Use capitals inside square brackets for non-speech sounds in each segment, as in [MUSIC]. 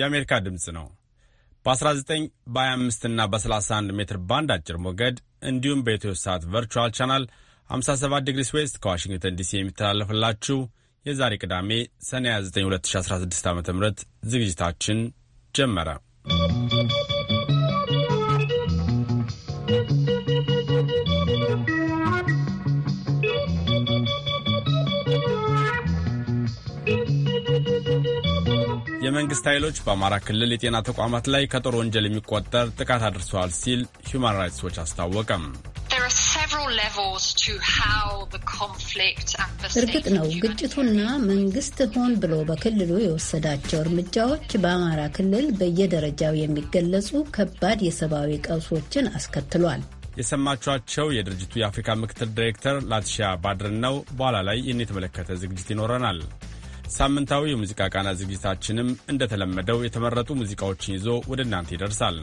የአሜሪካ ድምፅ ነው። በ19 በ25 እና በ31 ሜትር ባንድ አጭር ሞገድ እንዲሁም በኢትዮ ሰዓት ቨርቹዋል ቻናል 57 ዲግሪስ ዌስት ከዋሽንግተን ዲሲ የሚተላለፍላችሁ የዛሬ ቅዳሜ ሰኔ 29 2016 ዓ ም ዝግጅታችን ጀመረ። የመንግስት ኃይሎች በአማራ ክልል የጤና ተቋማት ላይ ከጦር ወንጀል የሚቆጠር ጥቃት አድርሰዋል ሲል ሁማን ራይትስ ዎች አስታወቀም። እርግጥ ነው ግጭቱና መንግስት ሆን ብሎ በክልሉ የወሰዳቸው እርምጃዎች በአማራ ክልል በየደረጃው የሚገለጹ ከባድ የሰብአዊ ቀውሶችን አስከትሏል። የሰማችኋቸው የድርጅቱ የአፍሪካ ምክትል ዳይሬክተር ላቲሻ ባድርን ነው። በኋላ ላይ ይህን የተመለከተ ዝግጅት ይኖረናል። ሳምንታዊ የሙዚቃ ቃና ዝግጅታችንም እንደተለመደው የተመረጡ ሙዚቃዎችን ይዞ ወደ እናንተ ይደርሳል።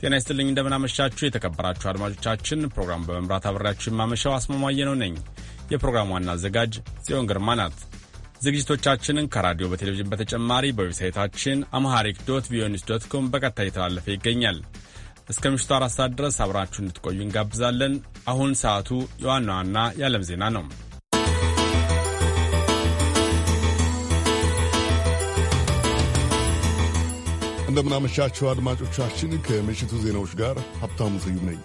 ጤና ይስጥልኝ፣ እንደምናመሻችሁ የተከበራችሁ አድማጮቻችን። ፕሮግራም በመምራት አብሬያችሁ የማመሻው አስማማየ ነው ነኝ። የፕሮግራም ዋና አዘጋጅ ጽዮን ግርማ ናት። ዝግጅቶቻችንን ከራዲዮ በቴሌቪዥን በተጨማሪ በዌብሳይታችን አምሃሪክ ዶት ቪኦኤ ዶት ኮም በቀጥታ እየተላለፈ ይገኛል። እስከ ምሽቱ አራት ሰዓት ድረስ አብራችሁ እንድትቆዩ እንጋብዛለን። አሁን ሰዓቱ የዋና ዋና የዓለም ዜና ነው። እንደምናመሻቸው አድማጮቻችን፣ ከምሽቱ ዜናዎች ጋር ሀብታሙ ስዩም ነኝ።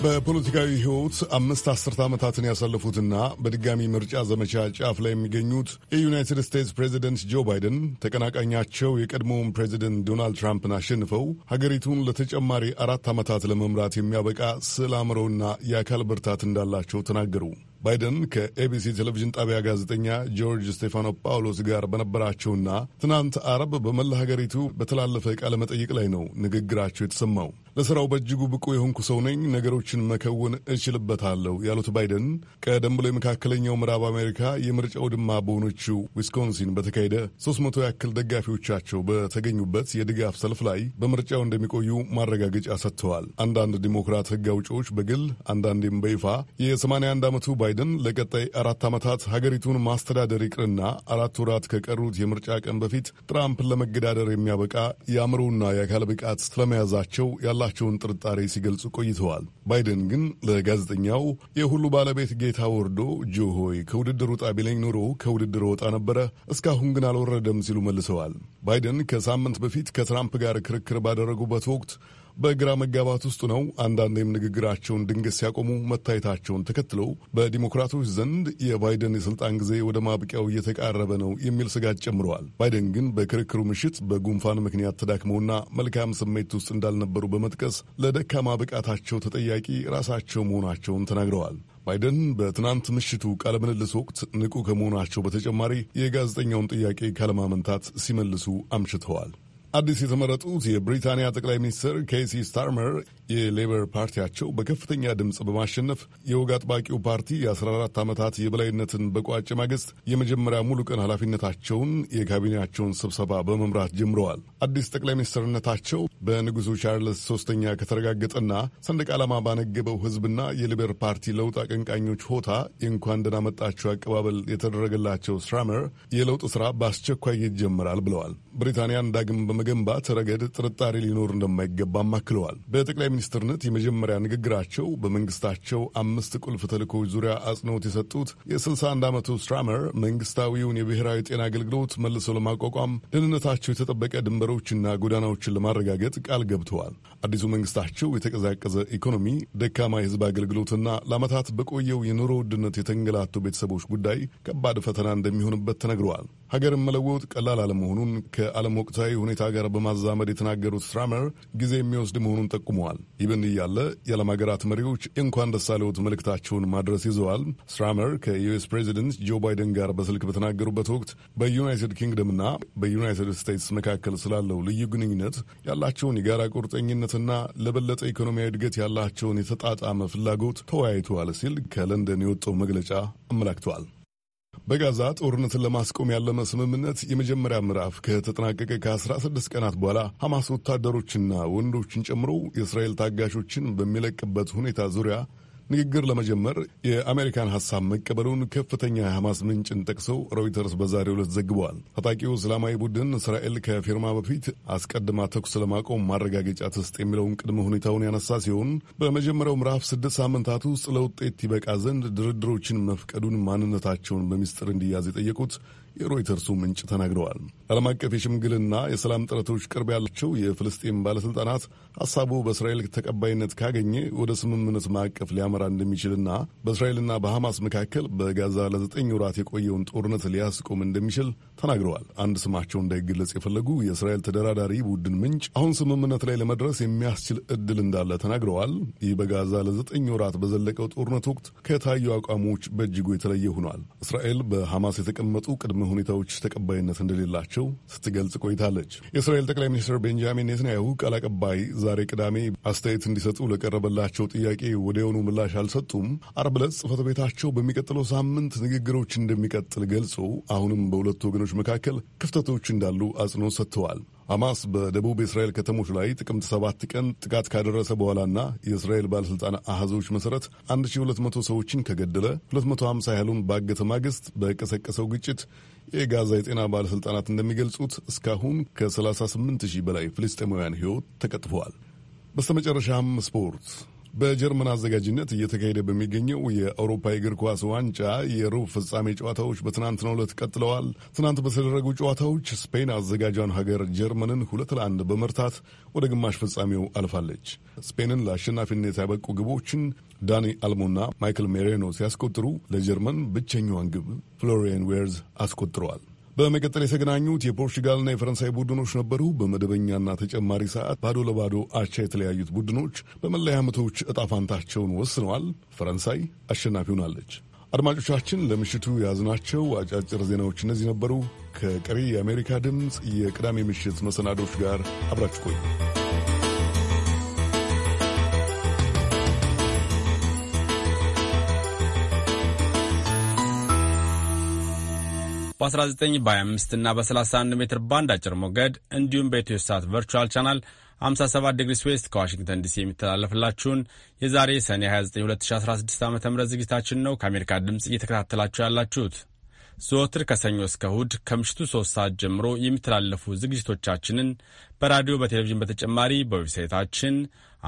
በፖለቲካዊ ሕይወት አምስት አስርት ዓመታትን ያሳለፉትና በድጋሚ ምርጫ ዘመቻ ጫፍ ላይ የሚገኙት የዩናይትድ ስቴትስ ፕሬዚደንት ጆ ባይደን ተቀናቃኛቸው የቀድሞውን ፕሬዚደንት ዶናልድ ትራምፕን አሸንፈው ሀገሪቱን ለተጨማሪ አራት ዓመታት ለመምራት የሚያበቃ ስዕል አእምሮና የአካል ብርታት እንዳላቸው ተናገሩ። ባይደን ከኤቢሲ ቴሌቪዥን ጣቢያ ጋዜጠኛ ጆርጅ ስቴፋኖ ጳውሎስ ጋር በነበራቸውና ትናንት አረብ በመላ ሀገሪቱ በተላለፈ ቃለ መጠይቅ ላይ ነው ንግግራቸው የተሰማው። ለሥራው በእጅጉ ብቁ የሆንኩ ሰው ነኝ፣ ነገሮችን መከወን እችልበታለሁ ያሉት ባይደን ቀደም ብሎ የመካከለኛው ምዕራብ አሜሪካ የምርጫ ውድማ በሆነችው ዊስኮንሲን በተካሄደ 300 ያክል ደጋፊዎቻቸው በተገኙበት የድጋፍ ሰልፍ ላይ በምርጫው እንደሚቆዩ ማረጋገጫ ሰጥተዋል። አንዳንድ ዲሞክራት ህግ አውጪዎች በግል አንዳንዴም በይፋ የ81 ዓመቱ ባይ ባይደን ለቀጣይ አራት ዓመታት ሀገሪቱን ማስተዳደር ይቅርና አራት ወራት ከቀሩት የምርጫ ቀን በፊት ትራምፕን ለመገዳደር የሚያበቃ የአእምሮና የአካል ብቃት ስለመያዛቸው ያላቸውን ጥርጣሬ ሲገልጹ ቆይተዋል። ባይደን ግን ለጋዜጠኛው የሁሉ ባለቤት ጌታ ወርዶ ጆ ሆይ ከውድድሩ ውጣ ኑሮ ኖሮ ከውድድር ወጣ ነበረ፣ እስካሁን ግን አልወረደም ሲሉ መልሰዋል። ባይደን ከሳምንት በፊት ከትራምፕ ጋር ክርክር ባደረጉበት ወቅት በግራ መጋባት ውስጥ ነው። አንዳንዴም ንግግራቸውን ድንገት ሲያቆሙ መታየታቸውን ተከትለው በዲሞክራቶች ዘንድ የባይደን የስልጣን ጊዜ ወደ ማብቂያው እየተቃረበ ነው የሚል ስጋት ጨምረዋል። ባይደን ግን በክርክሩ ምሽት በጉንፋን ምክንያት ተዳክመውና መልካም ስሜት ውስጥ እንዳልነበሩ በመጥቀስ ለደካማ ብቃታቸው ተጠያቂ ራሳቸው መሆናቸውን ተናግረዋል። ባይደን በትናንት ምሽቱ ቃለ ምልልስ ወቅት ንቁ ከመሆናቸው በተጨማሪ የጋዜጠኛውን ጥያቄ ካለማመንታት ሲመልሱ አምሽተዋል። አዲስ የተመረጡት የብሪታንያ ጠቅላይ ሚኒስትር ኬሲ ስታርመር የሌበር ፓርቲያቸው በከፍተኛ ድምፅ በማሸነፍ የወግ አጥባቂው ፓርቲ የ14 ዓመታት የበላይነትን በቋጭ ማግስት የመጀመሪያ ሙሉ ቀን ኃላፊነታቸውን የካቢኔያቸውን ስብሰባ በመምራት ጀምረዋል። አዲስ ጠቅላይ ሚኒስትርነታቸው በንጉሱ ቻርልስ ሶስተኛ ከተረጋገጠና ሰንደቅ ዓላማ ባነገበው ህዝብና የሌበር ፓርቲ ለውጥ አቀንቃኞች ሆታ የእንኳን ደህና መጣችሁ አቀባበል የተደረገላቸው ስታርመር የለውጥ ስራ በአስቸኳይ ይጀምራል ብለዋል። ብሪታንያን ዳግም በመገንባት ረገድ ጥርጣሬ ሊኖር እንደማይገባም አክለዋል። በጠቅላይ ሚኒስትርነት የመጀመሪያ ንግግራቸው በመንግስታቸው አምስት ቁልፍ ተልእኮች ዙሪያ አጽንኦት የሰጡት የ61 ዓመቱ ስትራመር መንግስታዊውን የብሔራዊ ጤና አገልግሎት መልሶ ለማቋቋም ደህንነታቸው የተጠበቀ ድንበሮችና ጎዳናዎችን ለማረጋገጥ ቃል ገብተዋል። አዲሱ መንግስታቸው የተቀዛቀዘ ኢኮኖሚ፣ ደካማ የህዝብ አገልግሎትና ለዓመታት በቆየው የኑሮ ውድነት የተንገላቱ ቤተሰቦች ጉዳይ ከባድ ፈተና እንደሚሆንበት ተነግረዋል። ሀገርን መለወጥ ቀላል አለመሆኑን ከዓለም ወቅታዊ ሁኔታ ጋር በማዛመድ የተናገሩት ስትራመር ጊዜ የሚወስድ መሆኑን ጠቁመዋል። ይብን እያለ የዓለም ሀገራት መሪዎች እንኳን ደስ አለዎት መልእክታቸውን ማድረስ ይዘዋል። ስትራመር ከዩኤስ ፕሬዚደንት ጆ ባይደን ጋር በስልክ በተናገሩበት ወቅት በዩናይትድ ኪንግደምና በዩናይትድ ስቴትስ መካከል ስላለው ልዩ ግንኙነት ያላቸውን የጋራ ቁርጠኝነትና ለበለጠ ኢኮኖሚያዊ እድገት ያላቸውን የተጣጣመ ፍላጎት ተወያይተዋል ሲል ከለንደን የወጣው መግለጫ አመላክተዋል። በጋዛ ጦርነትን ለማስቆም ያለመ ስምምነት የመጀመሪያ ምዕራፍ ከተጠናቀቀ ከ16 ቀናት በኋላ ሐማስ ወታደሮችና ወንዶችን ጨምሮ የእስራኤል ታጋሾችን በሚለቅበት ሁኔታ ዙሪያ ንግግር ለመጀመር የአሜሪካን ሀሳብ መቀበሉን ከፍተኛ የሐማስ ምንጭን ጠቅሰው ሮይተርስ በዛሬው ዕለት ዘግበዋል። ታጣቂው እስላማዊ ቡድን እስራኤል ከፊርማ በፊት አስቀድማ ተኩስ ለማቆም ማረጋገጫ ትስጥ የሚለውን ቅድመ ሁኔታውን ያነሳ ሲሆን በመጀመሪያው ምዕራፍ ስድስት ሳምንታት ውስጥ ለውጤት ይበቃ ዘንድ ድርድሮችን መፍቀዱን ማንነታቸውን በሚስጥር እንዲያዝ የጠየቁት የሮይተርሱ ምንጭ ተናግረዋል። ዓለም አቀፍ የሽምግልና የሰላም ጥረቶች ቅርብ ያላቸው የፍልስጤም ባለሥልጣናት ሐሳቡ በእስራኤል ተቀባይነት ካገኘ ወደ ስምምነት ማዕቀፍ ሊያመራ እንደሚችልና በእስራኤልና በሐማስ መካከል በጋዛ ለዘጠኝ ወራት የቆየውን ጦርነት ሊያስቆም እንደሚችል ተናግረዋል። አንድ ስማቸው እንዳይገለጽ የፈለጉ የእስራኤል ተደራዳሪ ቡድን ምንጭ አሁን ስምምነት ላይ ለመድረስ የሚያስችል እድል እንዳለ ተናግረዋል። ይህ በጋዛ ለዘጠኝ ወራት በዘለቀው ጦርነት ወቅት ከታዩ አቋሞች በእጅጉ የተለየ ሆኗል። እስራኤል በሐማስ የተቀመጡ ቅድመ ሁኔታዎች ተቀባይነት እንደሌላቸው መሆናቸው ስትገልጽ ቆይታለች። የእስራኤል ጠቅላይ ሚኒስትር ቤንጃሚን ኔትንያሁ ቃል አቀባይ ዛሬ ቅዳሜ አስተያየት እንዲሰጡ ለቀረበላቸው ጥያቄ ወዲያውኑ ምላሽ አልሰጡም። አርብ ዕለት ጽፈት ቤታቸው በሚቀጥለው ሳምንት ንግግሮች እንደሚቀጥል ገልጾ አሁንም በሁለቱ ወገኖች መካከል ክፍተቶች እንዳሉ አጽንኦት ሰጥተዋል። ሐማስ በደቡብ የእስራኤል ከተሞች ላይ ጥቅምት ሰባት ቀን ጥቃት ካደረሰ በኋላና የእስራኤል ባለሥልጣን አሃዞች መሠረት 1200 ሰዎችን ከገደለ 250 ያህሉን ባገተ ማግስት በቀሰቀሰው ግጭት የጋዛ የጤና ባለሥልጣናት እንደሚገልጹት እስካሁን ከ38 ሺህ በላይ ፍልስጤማውያን ሕይወት ተቀጥፈዋል። በስተመጨረሻም ስፖርት በጀርመን አዘጋጅነት እየተካሄደ በሚገኘው የአውሮፓ የእግር ኳስ ዋንጫ የሩብ ፍጻሜ ጨዋታዎች በትናንትናው ዕለት ቀጥለዋል። ትናንት በተደረጉ ጨዋታዎች ስፔን አዘጋጇን ሀገር ጀርመንን ሁለት ለአንድ በመርታት ወደ ግማሽ ፍጻሜው አልፋለች። ስፔንን ለአሸናፊነት ያበቁ ግቦችን ዳኒ አልሞና ማይክል ሜሬኖ ሲያስቆጥሩ ለጀርመን ብቸኛዋን ግብ ፍሎሪያን ዌርዝ አስቆጥረዋል። በመቀጠል የተገናኙት የፖርቹጋልና የፈረንሳይ ቡድኖች ነበሩ። በመደበኛና ተጨማሪ ሰዓት ባዶ ለባዶ አቻ የተለያዩት ቡድኖች በመለያ ዓመቶች እጣፋንታቸውን ወስነዋል። ፈረንሳይ አሸናፊ ሆናለች። አድማጮቻችን ለምሽቱ የያዝናቸው አጫጭር ዜናዎች እነዚህ ነበሩ። ከቀሪ የአሜሪካ ድምፅ የቅዳሜ ምሽት መሰናዶች ጋር አብራችሁ ቆዩ። በ19 በ25 እና በ31 ሜትር ባንድ አጭር ሞገድ እንዲሁም በኢትዮ ሳት ቨርቹዋል ቻናል 57 ዲግሪ ስዌስት ከዋሽንግተን ዲሲ የሚተላለፍላችሁን የዛሬ ሰኔ 29 2016 ዓ ም ዝግጅታችን ነው ከአሜሪካ ድምፅ እየተከታተላችሁ ያላችሁት። ዘወትር ከሰኞ እስከ እሁድ ከምሽቱ 3 ሰዓት ጀምሮ የሚተላለፉ ዝግጅቶቻችንን በራዲዮ በቴሌቪዥን በተጨማሪ በዌብሳይታችን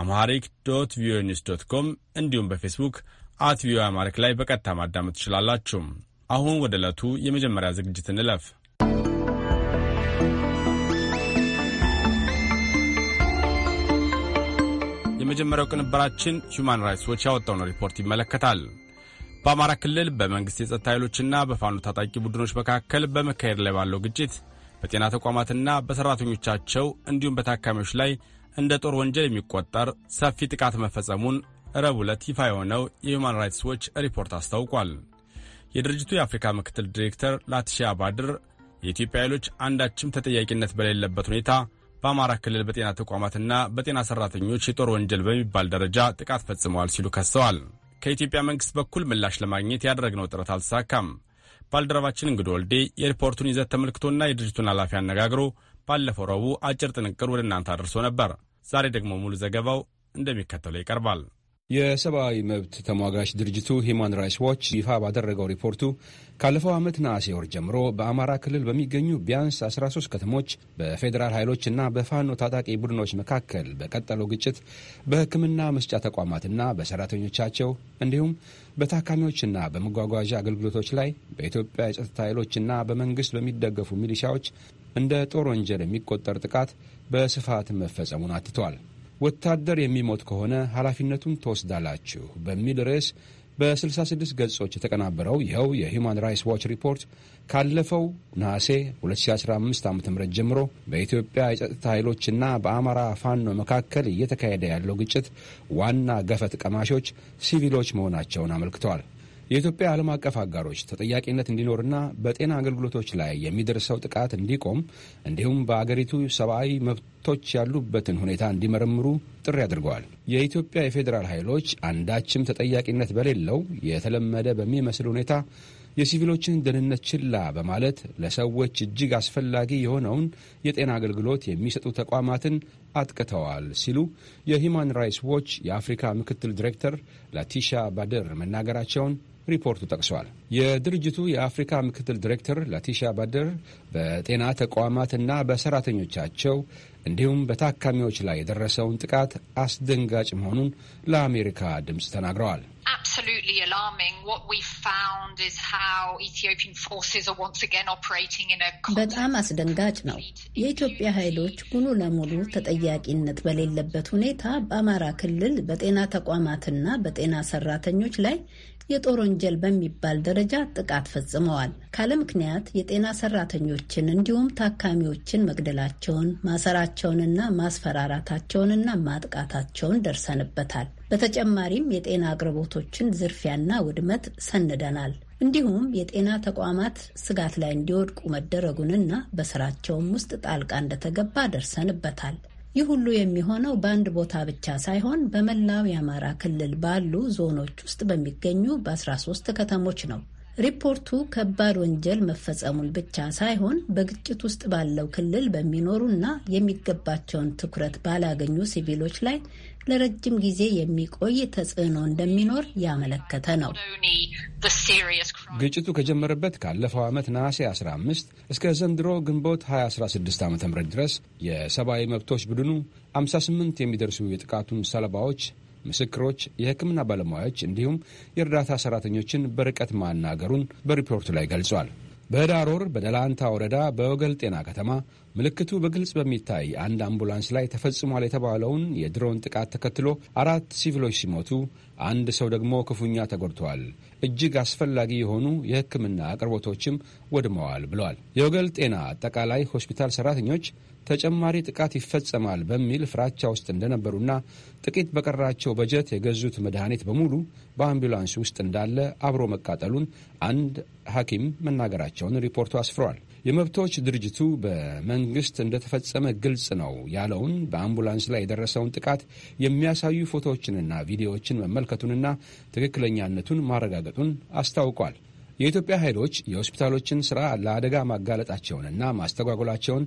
አምሃሪክ ዶት ቪኦኤ ኒውስ ዶት ኮም እንዲሁም በፌስቡክ አት ቪኦኤ አማሪክ ላይ በቀጥታ ማዳመጥ ትችላላችሁ። አሁን ወደ ዕለቱ የመጀመሪያ ዝግጅት እንለፍ። የመጀመሪያው ቅንብራችን ሁማን ራይትስ ዎች ያወጣውን ሪፖርት ይመለከታል። በአማራ ክልል በመንግሥት የጸጥታ ኃይሎችና በፋኖ ታጣቂ ቡድኖች መካከል በመካሄድ ላይ ባለው ግጭት በጤና ተቋማትና በሠራተኞቻቸው እንዲሁም በታካሚዎች ላይ እንደ ጦር ወንጀል የሚቆጠር ሰፊ ጥቃት መፈጸሙን ረቡዕ ዕለት ይፋ የሆነው የሁማን ራይትስ ዎች ሪፖርት አስታውቋል። የድርጅቱ የአፍሪካ ምክትል ዲሬክተር ላቲሺያ ባድር የኢትዮጵያ ኃይሎች አንዳችም ተጠያቂነት በሌለበት ሁኔታ በአማራ ክልል በጤና ተቋማትና በጤና ሰራተኞች የጦር ወንጀል በሚባል ደረጃ ጥቃት ፈጽመዋል ሲሉ ከሰዋል። ከኢትዮጵያ መንግሥት በኩል ምላሽ ለማግኘት ያደረግነው ጥረት አልተሳካም። ባልደረባችን እንግዶ ወልዴ የሪፖርቱን ይዘት ተመልክቶና የድርጅቱን ኃላፊ አነጋግሮ ባለፈው ረቡዕ አጭር ጥንቅር ወደ እናንተ አድርሶ ነበር። ዛሬ ደግሞ ሙሉ ዘገባው እንደሚከተለው ይቀርባል። የሰብአዊ መብት ተሟጋች ድርጅቱ ሂማን ራይትስ ዋች ይፋ ባደረገው ሪፖርቱ ካለፈው ዓመት ነሐሴ ወር ጀምሮ በአማራ ክልል በሚገኙ ቢያንስ 13 ከተሞች በፌዴራል ኃይሎች እና በፋኖ ታጣቂ ቡድኖች መካከል በቀጠለው ግጭት በሕክምና መስጫ ተቋማትና በሰራተኞቻቸው እንዲሁም በታካሚዎችና በመጓጓዣ አገልግሎቶች ላይ በኢትዮጵያ የጸጥታ ኃይሎችና በመንግስት በሚደገፉ ሚሊሻዎች እንደ ጦር ወንጀል የሚቆጠር ጥቃት በስፋት መፈጸሙን አትቷል። ወታደር የሚሞት ከሆነ ኃላፊነቱን ትወስዳላችሁ በሚል ርዕስ በ66 ገጾች የተቀናበረው ይኸው የሁማን ራይትስ ዋች ሪፖርት ካለፈው ነሐሴ 2015 ዓ ም ጀምሮ በኢትዮጵያ የጸጥታ ኃይሎችና በአማራ ፋኖ መካከል እየተካሄደ ያለው ግጭት ዋና ገፈት ቀማሾች ሲቪሎች መሆናቸውን አመልክተዋል። የኢትዮጵያ ዓለም አቀፍ አጋሮች ተጠያቂነት እንዲኖርና በጤና አገልግሎቶች ላይ የሚደርሰው ጥቃት እንዲቆም እንዲሁም በአገሪቱ ሰብአዊ መብቶች ያሉበትን ሁኔታ እንዲመረምሩ ጥሪ አድርገዋል። የኢትዮጵያ የፌዴራል ኃይሎች አንዳችም ተጠያቂነት በሌለው የተለመደ በሚመስል ሁኔታ የሲቪሎችን ደህንነት ችላ በማለት ለሰዎች እጅግ አስፈላጊ የሆነውን የጤና አገልግሎት የሚሰጡ ተቋማትን አጥቅተዋል ሲሉ የሂማን ራይትስ ዎች የአፍሪካ ምክትል ዲሬክተር ላቲሻ ባደር መናገራቸውን ሪፖርቱ ጠቅሷል። የድርጅቱ የአፍሪካ ምክትል ዲሬክተር ላቲሻ ባደር በጤና ተቋማትና በሰራተኞቻቸው እንዲሁም በታካሚዎች ላይ የደረሰውን ጥቃት አስደንጋጭ መሆኑን ለአሜሪካ ድምፅ ተናግረዋል። በጣም አስደንጋጭ ነው። የኢትዮጵያ ኃይሎች ሙሉ ለሙሉ ተጠያቂነት በሌለበት ሁኔታ በአማራ ክልል በጤና ተቋማትና በጤና ሰራተኞች ላይ የጦር ወንጀል በሚባል ደረጃ ጥቃት ፈጽመዋል። ካለ ምክንያት የጤና ሰራተኞችን እንዲሁም ታካሚዎችን መግደላቸውን፣ ማሰራቸውንና ማስፈራራታቸውንና ማጥቃታቸውን ደርሰንበታል። በተጨማሪም የጤና አቅርቦቶችን ዝርፊያና ውድመት ሰንደናል። እንዲሁም የጤና ተቋማት ስጋት ላይ እንዲወድቁ መደረጉንና በስራቸውም ውስጥ ጣልቃ እንደተገባ ደርሰንበታል። ይህ ሁሉ የሚሆነው በአንድ ቦታ ብቻ ሳይሆን በመላው የአማራ ክልል ባሉ ዞኖች ውስጥ በሚገኙ በ13 ከተሞች ነው። ሪፖርቱ ከባድ ወንጀል መፈጸሙን ብቻ ሳይሆን በግጭት ውስጥ ባለው ክልል በሚኖሩና የሚገባቸውን ትኩረት ባላገኙ ሲቪሎች ላይ ለረጅም ጊዜ የሚቆይ ተጽዕኖ እንደሚኖር ያመለከተ ነው። ግጭቱ ከጀመረበት ካለፈው ዓመት ነሐሴ 15 እስከ ዘንድሮ ግንቦት 2016 ዓ ም ድረስ የሰብአዊ መብቶች ቡድኑ 58 የሚደርሱ የጥቃቱን ሰለባዎች ምስክሮች፣ የሕክምና ባለሙያዎች እንዲሁም የእርዳታ ሰራተኞችን በርቀት ማናገሩን በሪፖርቱ ላይ ገልጿል። በህዳር ወር በደላንታ ወረዳ በወገል ጤና ከተማ ምልክቱ በግልጽ በሚታይ አንድ አምቡላንስ ላይ ተፈጽሟል የተባለውን የድሮን ጥቃት ተከትሎ አራት ሲቪሎች ሲሞቱ አንድ ሰው ደግሞ ክፉኛ ተጎድተዋል። እጅግ አስፈላጊ የሆኑ የህክምና አቅርቦቶችም ወድመዋል ብለዋል። የወገል ጤና አጠቃላይ ሆስፒታል ሰራተኞች ተጨማሪ ጥቃት ይፈጸማል በሚል ፍራቻ ውስጥ እንደነበሩና ጥቂት በቀራቸው በጀት የገዙት መድኃኒት በሙሉ በአምቡላንስ ውስጥ እንዳለ አብሮ መቃጠሉን አንድ ሐኪም መናገራቸውን ሪፖርቱ አስፍሯል። የመብቶች ድርጅቱ በመንግስት እንደተፈጸመ ግልጽ ነው ያለውን በአምቡላንስ ላይ የደረሰውን ጥቃት የሚያሳዩ ፎቶዎችንና ቪዲዮዎችን መመልከቱንና ትክክለኛነቱን ማረጋገጡን አስታውቋል። የኢትዮጵያ ኃይሎች የሆስፒታሎችን ሥራ ለአደጋ ማጋለጣቸውንና ማስተጓጎላቸውን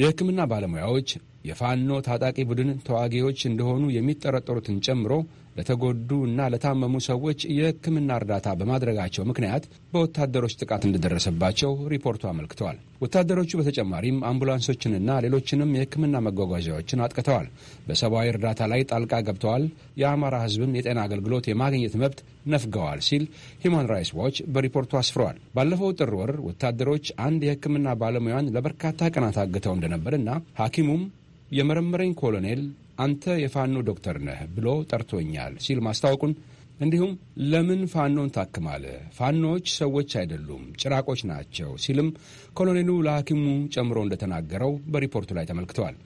የሕክምና ባለሙያዎች የፋኖ ታጣቂ ቡድን ተዋጊዎች እንደሆኑ የሚጠረጠሩትን ጨምሮ ለተጎዱ እና ለታመሙ ሰዎች የሕክምና እርዳታ በማድረጋቸው ምክንያት በወታደሮች ጥቃት እንደደረሰባቸው ሪፖርቱ አመልክተዋል። ወታደሮቹ በተጨማሪም አምቡላንሶችንና ሌሎችንም የሕክምና መጓጓዣዎችን አጥቅተዋል፣ በሰብአዊ እርዳታ ላይ ጣልቃ ገብተዋል፣ የአማራ ሕዝብን የጤና አገልግሎት የማግኘት መብት ነፍገዋል ሲል ሂውማን ራይትስ ዋች በሪፖርቱ አስፍረዋል። ባለፈው ጥር ወር ወታደሮች አንድ የሕክምና ባለሙያን ለበርካታ ቀናት አግተው እንደነበርና ሐኪሙም የመረመረኝ ኮሎኔል አንተ የፋኖ ዶክተር ነህ ብሎ ጠርቶኛል ሲል ማስታወቁን እንዲሁም ለምን ፋኖን ታክማለ? ፋኖዎች ሰዎች አይደሉም፣ ጭራቆች ናቸው ሲልም ኮሎኔሉ ለሐኪሙ ጨምሮ እንደተናገረው በሪፖርቱ ላይ ተመልክተዋል።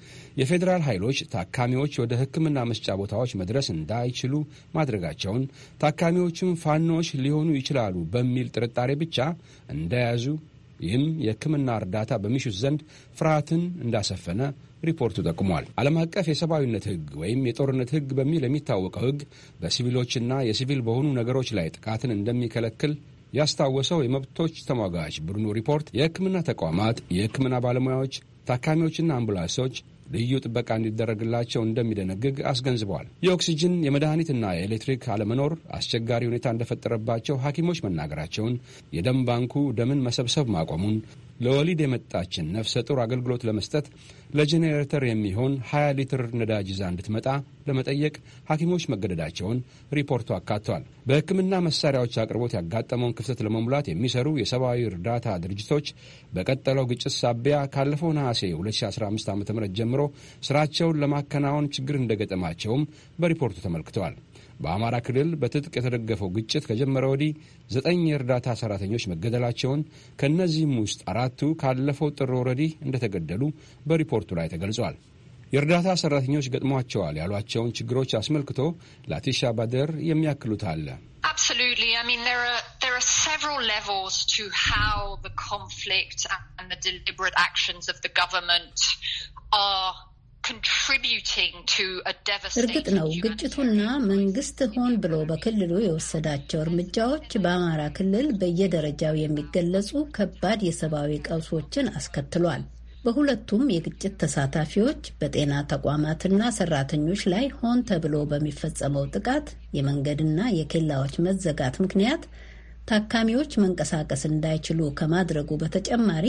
የፌዴራል ኃይሎች ታካሚዎች ወደ ሕክምና መስጫ ቦታዎች መድረስ እንዳይችሉ ማድረጋቸውን ታካሚዎችም ፋኖዎች ሊሆኑ ይችላሉ በሚል ጥርጣሬ ብቻ እንደያዙ ይህም የሕክምና እርዳታ በሚሹት ዘንድ ፍርሃትን እንዳሰፈነ ሪፖርቱ ጠቁሟል። ዓለም አቀፍ የሰብአዊነት ሕግ ወይም የጦርነት ሕግ በሚል የሚታወቀው ሕግ በሲቪሎችና የሲቪል በሆኑ ነገሮች ላይ ጥቃትን እንደሚከለክል ያስታወሰው የመብቶች ተሟጋች ቡድኑ ሪፖርት የሕክምና ተቋማት፣ የሕክምና ባለሙያዎች፣ ታካሚዎችና አምቡላንሶች ልዩ ጥበቃ እንዲደረግላቸው እንደሚደነግግ አስገንዝበዋል። የኦክሲጅን የመድኃኒትና የኤሌክትሪክ አለመኖር አስቸጋሪ ሁኔታ እንደፈጠረባቸው ሐኪሞች መናገራቸውን፣ የደም ባንኩ ደምን መሰብሰብ ማቆሙን፣ ለወሊድ የመጣችን ነፍሰ ጡር አገልግሎት ለመስጠት ለጄኔሬተር የሚሆን 20 ሊትር ነዳጅ ይዛ እንድትመጣ ለመጠየቅ ሐኪሞች መገደዳቸውን ሪፖርቱ አካቷል። በሕክምና መሳሪያዎች አቅርቦት ያጋጠመውን ክፍተት ለመሙላት የሚሰሩ የሰብአዊ እርዳታ ድርጅቶች በቀጠለው ግጭት ሳቢያ ካለፈው ነሐሴ 2015 ዓ ም ጀምሮ ስራቸውን ለማከናወን ችግር እንደገጠማቸውም በሪፖርቱ ተመልክተዋል። በአማራ ክልል በትጥቅ የተደገፈው ግጭት ከጀመረ ወዲህ ዘጠኝ የእርዳታ ሰራተኞች መገደላቸውን ከእነዚህም ውስጥ አራቱ ካለፈው ጥር ወዲህ እንደተገደሉ በሪፖርቱ ላይ ተገልጿል። የእርዳታ ሰራተኞች ገጥሟቸዋል ያሏቸውን ችግሮች አስመልክቶ ላቲሻ ባደር የሚያክሉት አለ። አብሶሉትሊ እርግጥ ነው ግጭቱና መንግስት ሆን ብሎ በክልሉ የወሰዳቸው እርምጃዎች በአማራ ክልል በየደረጃው የሚገለጹ ከባድ የሰብአዊ ቀውሶችን አስከትሏል። በሁለቱም የግጭት ተሳታፊዎች በጤና ተቋማትና ሰራተኞች ላይ ሆን ተብሎ በሚፈጸመው ጥቃት የመንገድና የኬላዎች መዘጋት ምክንያት ታካሚዎች መንቀሳቀስ እንዳይችሉ ከማድረጉ በተጨማሪ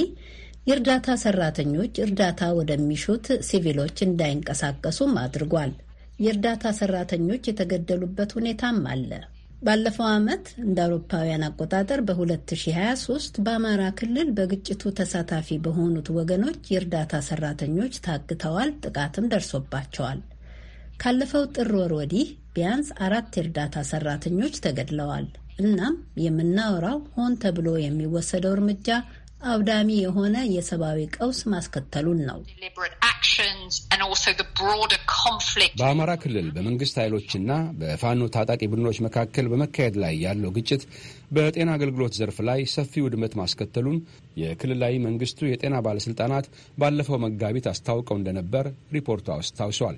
የእርዳታ ሰራተኞች እርዳታ ወደሚሹት ሲቪሎች እንዳይንቀሳቀሱም አድርጓል። የእርዳታ ሰራተኞች የተገደሉበት ሁኔታም አለ። ባለፈው ዓመት እንደ አውሮፓውያን አቆጣጠር በ2023 በአማራ ክልል በግጭቱ ተሳታፊ በሆኑት ወገኖች የእርዳታ ሰራተኞች ታግተዋል፣ ጥቃትም ደርሶባቸዋል። ካለፈው ጥር ወር ወዲህ ቢያንስ አራት የእርዳታ ሰራተኞች ተገድለዋል። እናም የምናወራው ሆን ተብሎ የሚወሰደው እርምጃ አውዳሚ የሆነ የሰብአዊ ቀውስ ማስከተሉን ነው። በአማራ ክልል በመንግስት ኃይሎችና በፋኖ ታጣቂ ቡድኖች መካከል በመካሄድ ላይ ያለው ግጭት በጤና አገልግሎት ዘርፍ ላይ ሰፊ ውድመት ማስከተሉን የክልላዊ መንግስቱ የጤና ባለስልጣናት ባለፈው መጋቢት አስታውቀው እንደነበር ሪፖርቱ አስታውሷል።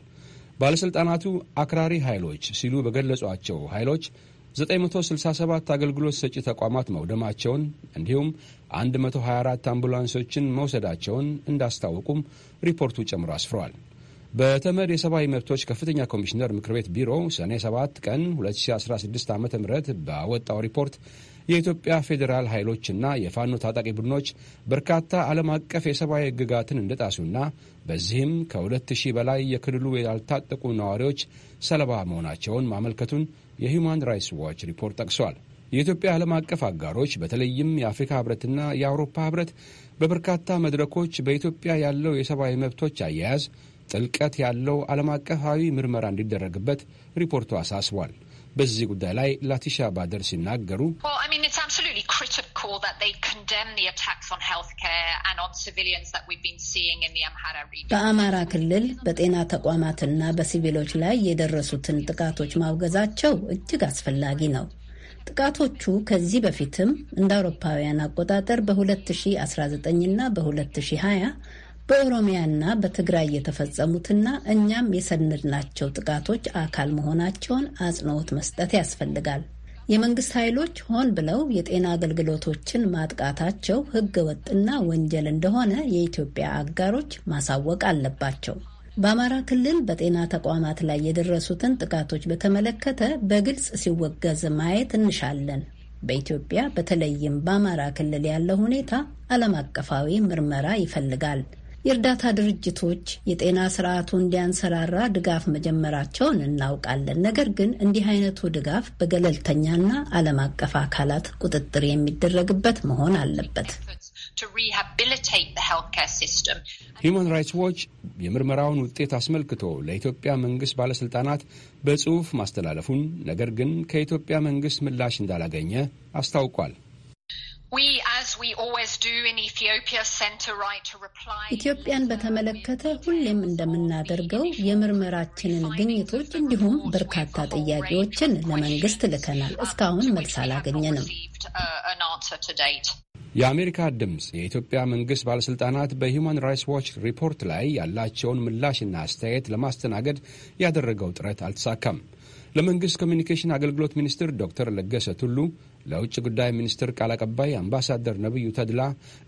ባለሥልጣናቱ አክራሪ ኃይሎች ሲሉ በገለጿቸው ኃይሎች 967 አገልግሎት ሰጪ ተቋማት መውደማቸውን እንዲሁም 124 አምቡላንሶችን መውሰዳቸውን እንዳስታወቁም ሪፖርቱ ጨምሮ አስፍሯል። በተመድ የሰብአዊ መብቶች ከፍተኛ ኮሚሽነር ምክር ቤት ቢሮ ሰኔ 7 ቀን 2016 ዓ ም ባወጣው ሪፖርት የኢትዮጵያ ፌዴራል ኃይሎችና የፋኖ ታጣቂ ቡድኖች በርካታ ዓለም አቀፍ የሰብአዊ ሕግጋትን እንደጣሱና በዚህም ከ2000 በላይ የክልሉ ያልታጠቁ ነዋሪዎች ሰለባ መሆናቸውን ማመልከቱን የሁማን ራይትስ ዋች ሪፖርት ጠቅሷል። የኢትዮጵያ ዓለም አቀፍ አጋሮች በተለይም የአፍሪካ ህብረትና የአውሮፓ ህብረት በበርካታ መድረኮች በኢትዮጵያ ያለው የሰብአዊ መብቶች አያያዝ ጥልቀት ያለው ዓለም አቀፋዊ ምርመራ እንዲደረግበት ሪፖርቱ አሳስቧል። በዚህ ጉዳይ ላይ ላቲሻ ባደር ሲናገሩ በአማራ ክልል በጤና ተቋማትና በሲቪሎች ላይ የደረሱትን ጥቃቶች ማውገዛቸው እጅግ አስፈላጊ ነው። ጥቃቶቹ ከዚህ በፊትም እንደ አውሮፓውያን አቆጣጠር በ2019 እና በ2020 በኦሮሚያና በትግራይ የተፈጸሙትና እኛም የሰነድናቸው ጥቃቶች አካል መሆናቸውን አጽንኦት መስጠት ያስፈልጋል። የመንግስት ኃይሎች ሆን ብለው የጤና አገልግሎቶችን ማጥቃታቸው ህገ ወጥና ወንጀል እንደሆነ የኢትዮጵያ አጋሮች ማሳወቅ አለባቸው። በአማራ ክልል በጤና ተቋማት ላይ የደረሱትን ጥቃቶች በተመለከተ በግልጽ ሲወገዝ ማየት እንሻለን። በኢትዮጵያ በተለይም በአማራ ክልል ያለው ሁኔታ ዓለም አቀፋዊ ምርመራ ይፈልጋል። የእርዳታ ድርጅቶች የጤና ስርዓቱ እንዲያንሰራራ ድጋፍ መጀመራቸውን እናውቃለን። ነገር ግን እንዲህ አይነቱ ድጋፍ በገለልተኛና ዓለም አቀፍ አካላት ቁጥጥር የሚደረግበት መሆን አለበት። ሂውማን ራይትስ ዎች የምርመራውን ውጤት አስመልክቶ ለኢትዮጵያ መንግሥት ባለሥልጣናት በጽሑፍ ማስተላለፉን ነገር ግን ከኢትዮጵያ መንግሥት ምላሽ እንዳላገኘ አስታውቋል። ኢትዮጵያን በተመለከተ ሁሌም እንደምናደርገው የምርመራችንን ግኝቶች እንዲሁም በርካታ ጥያቄዎችን ለመንግስት ልከናል። እስካሁን መልስ አላገኘንም። uh, የአሜሪካ ድምፅ የኢትዮጵያ መንግስት ባለሥልጣናት በሂውማን ራይትስ ዋች ሪፖርት ላይ ያላቸውን ምላሽና አስተያየት ለማስተናገድ ያደረገው ጥረት አልተሳካም። ለመንግስት ኮሚኒኬሽን አገልግሎት ሚኒስትር ዶክተር ለገሰ ቱሉ ለውጭ ጉዳይ ሚኒስትር ቃል አቀባይ አምባሳደር ነቢዩ ተድላ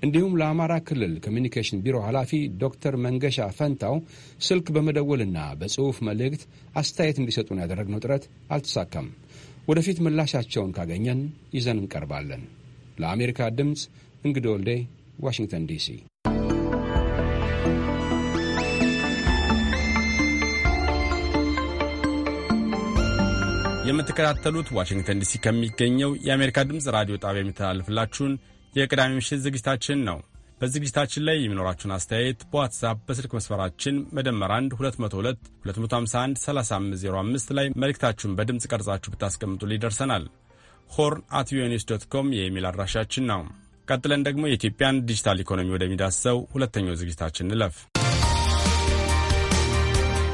እንዲሁም ለአማራ ክልል ኮሚኒኬሽን ቢሮ ኃላፊ ዶክተር መንገሻ ፈንታው ስልክ በመደወልና በጽሑፍ መልእክት አስተያየት እንዲሰጡን ያደረግነው ጥረት አልተሳካም። ወደፊት ምላሻቸውን ካገኘን ይዘን እንቀርባለን። ለአሜሪካ ድምፅ እንግዳ ወልዴ ዋሽንግተን ዲሲ የምትከታተሉት ዋሽንግተን ዲሲ ከሚገኘው የአሜሪካ ድምፅ ራዲዮ ጣቢያ የሚተላለፍላችሁን የቅዳሜ ምሽት ዝግጅታችን ነው። በዝግጅታችን ላይ የሚኖራችሁን አስተያየት በዋትሳፕ በስልክ መስመራችን መደመር 1 202 251 3505 ላይ መልእክታችሁን በድምፅ ቀርጻችሁ ብታስቀምጡ ሊደርሰናል። ሆርን አት ቪኦኤ ዶት ኮም የኢሜል አድራሻችን ነው። ቀጥለን ደግሞ የኢትዮጵያን ዲጂታል ኢኮኖሚ ወደሚዳሰው ሁለተኛው ዝግጅታችን እንለፍ።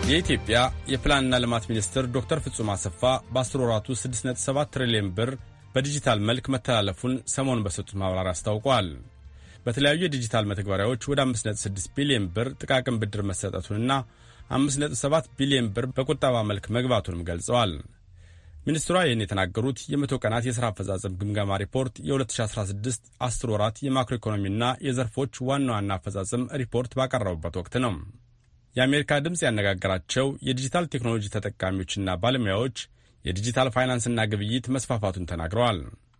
የኢትዮጵያ የፕላንና ልማት ሚኒስትር ዶክተር ፍጹም አሰፋ በአስር ወራቱ 6.7 ትሪሊዮን ብር በዲጂታል መልክ መተላለፉን ሰሞኑን በሰጡት ማብራሪያ አስታውቋል። በተለያዩ የዲጂታል መተግበሪያዎች ወደ 5.6 ቢሊዮን ብር ጥቃቅን ብድር መሰጠቱንና 5.7 ቢሊዮን ብር በቁጠባ መልክ መግባቱንም ገልጸዋል። ሚኒስትሯ ይህን የተናገሩት የመቶ ቀናት የሥራ አፈጻጸም ግምገማ ሪፖርት የ2016 አስር ወራት የማክሮ ኢኮኖሚና የዘርፎች ዋና ዋና አፈጻጸም ሪፖርት ባቀረቡበት ወቅት ነው። የአሜሪካ ድምፅ ያነጋገራቸው የዲጂታል ቴክኖሎጂ ተጠቃሚዎችና ባለሙያዎች የዲጂታል ፋይናንስና ግብይት መስፋፋቱን ተናግረዋል።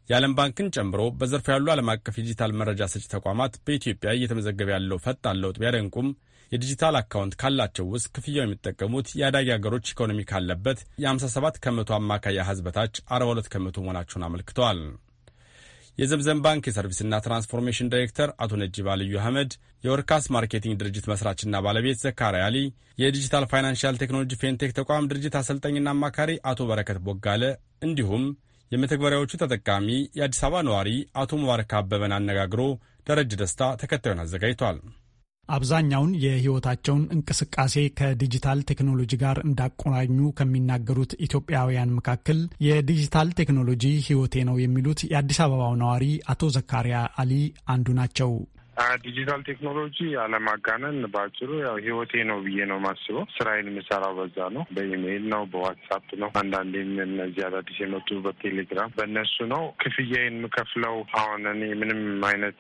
የዓለም ባንክን ጨምሮ በዘርፉ ያሉ ዓለም አቀፍ የዲጂታል መረጃ ሰጪ ተቋማት በኢትዮጵያ እየተመዘገበ ያለው ፈጣን ለውጥ ቢያደንቁም የዲጂታል አካውንት ካላቸው ውስጥ ክፍያው የሚጠቀሙት የአዳጊ ሀገሮች ኢኮኖሚ ካለበት የ57 ከመቶ አማካይ አሃዝ በታች 42 ከመቶ መሆናቸውን አመልክተዋል። የዘምዘም ባንክ የሰርቪስና ትራንስፎርሜሽን ዳይሬክተር አቶ ነጂብ አልዩ አህመድ፣ የወርካስ ማርኬቲንግ ድርጅት መስራችና ባለቤት ዘካሪ አሊ፣ የዲጂታል ፋይናንሻል ቴክኖሎጂ ፌንቴክ ተቋም ድርጅት አሰልጣኝና አማካሪ አቶ በረከት ቦጋለ እንዲሁም የመተግበሪያዎቹ ተጠቃሚ የአዲስ አበባ ነዋሪ አቶ ሙባረክ አበበን አነጋግሮ ደረጀ ደስታ ተከታዩን አዘጋጅቷል። አብዛኛውን የሕይወታቸውን እንቅስቃሴ ከዲጂታል ቴክኖሎጂ ጋር እንዳቆራኙ ከሚናገሩት ኢትዮጵያውያን መካከል የዲጂታል ቴክኖሎጂ ሕይወቴ ነው የሚሉት የአዲስ አበባው ነዋሪ አቶ ዘካሪያ አሊ አንዱ ናቸው። ዲጂታል ቴክኖሎጂ አለማጋነን በአጭሩ ያው ህይወቴ ነው ብዬ ነው ማስበው። ስራዬን የምሰራው በዛ ነው። በኢሜይል ነው፣ በዋትሳፕ ነው። አንዳንዴም እነዚህ አዳዲስ የመጡ በቴሌግራም በእነሱ ነው ክፍያዬን የምከፍለው። አሁን እኔ ምንም አይነት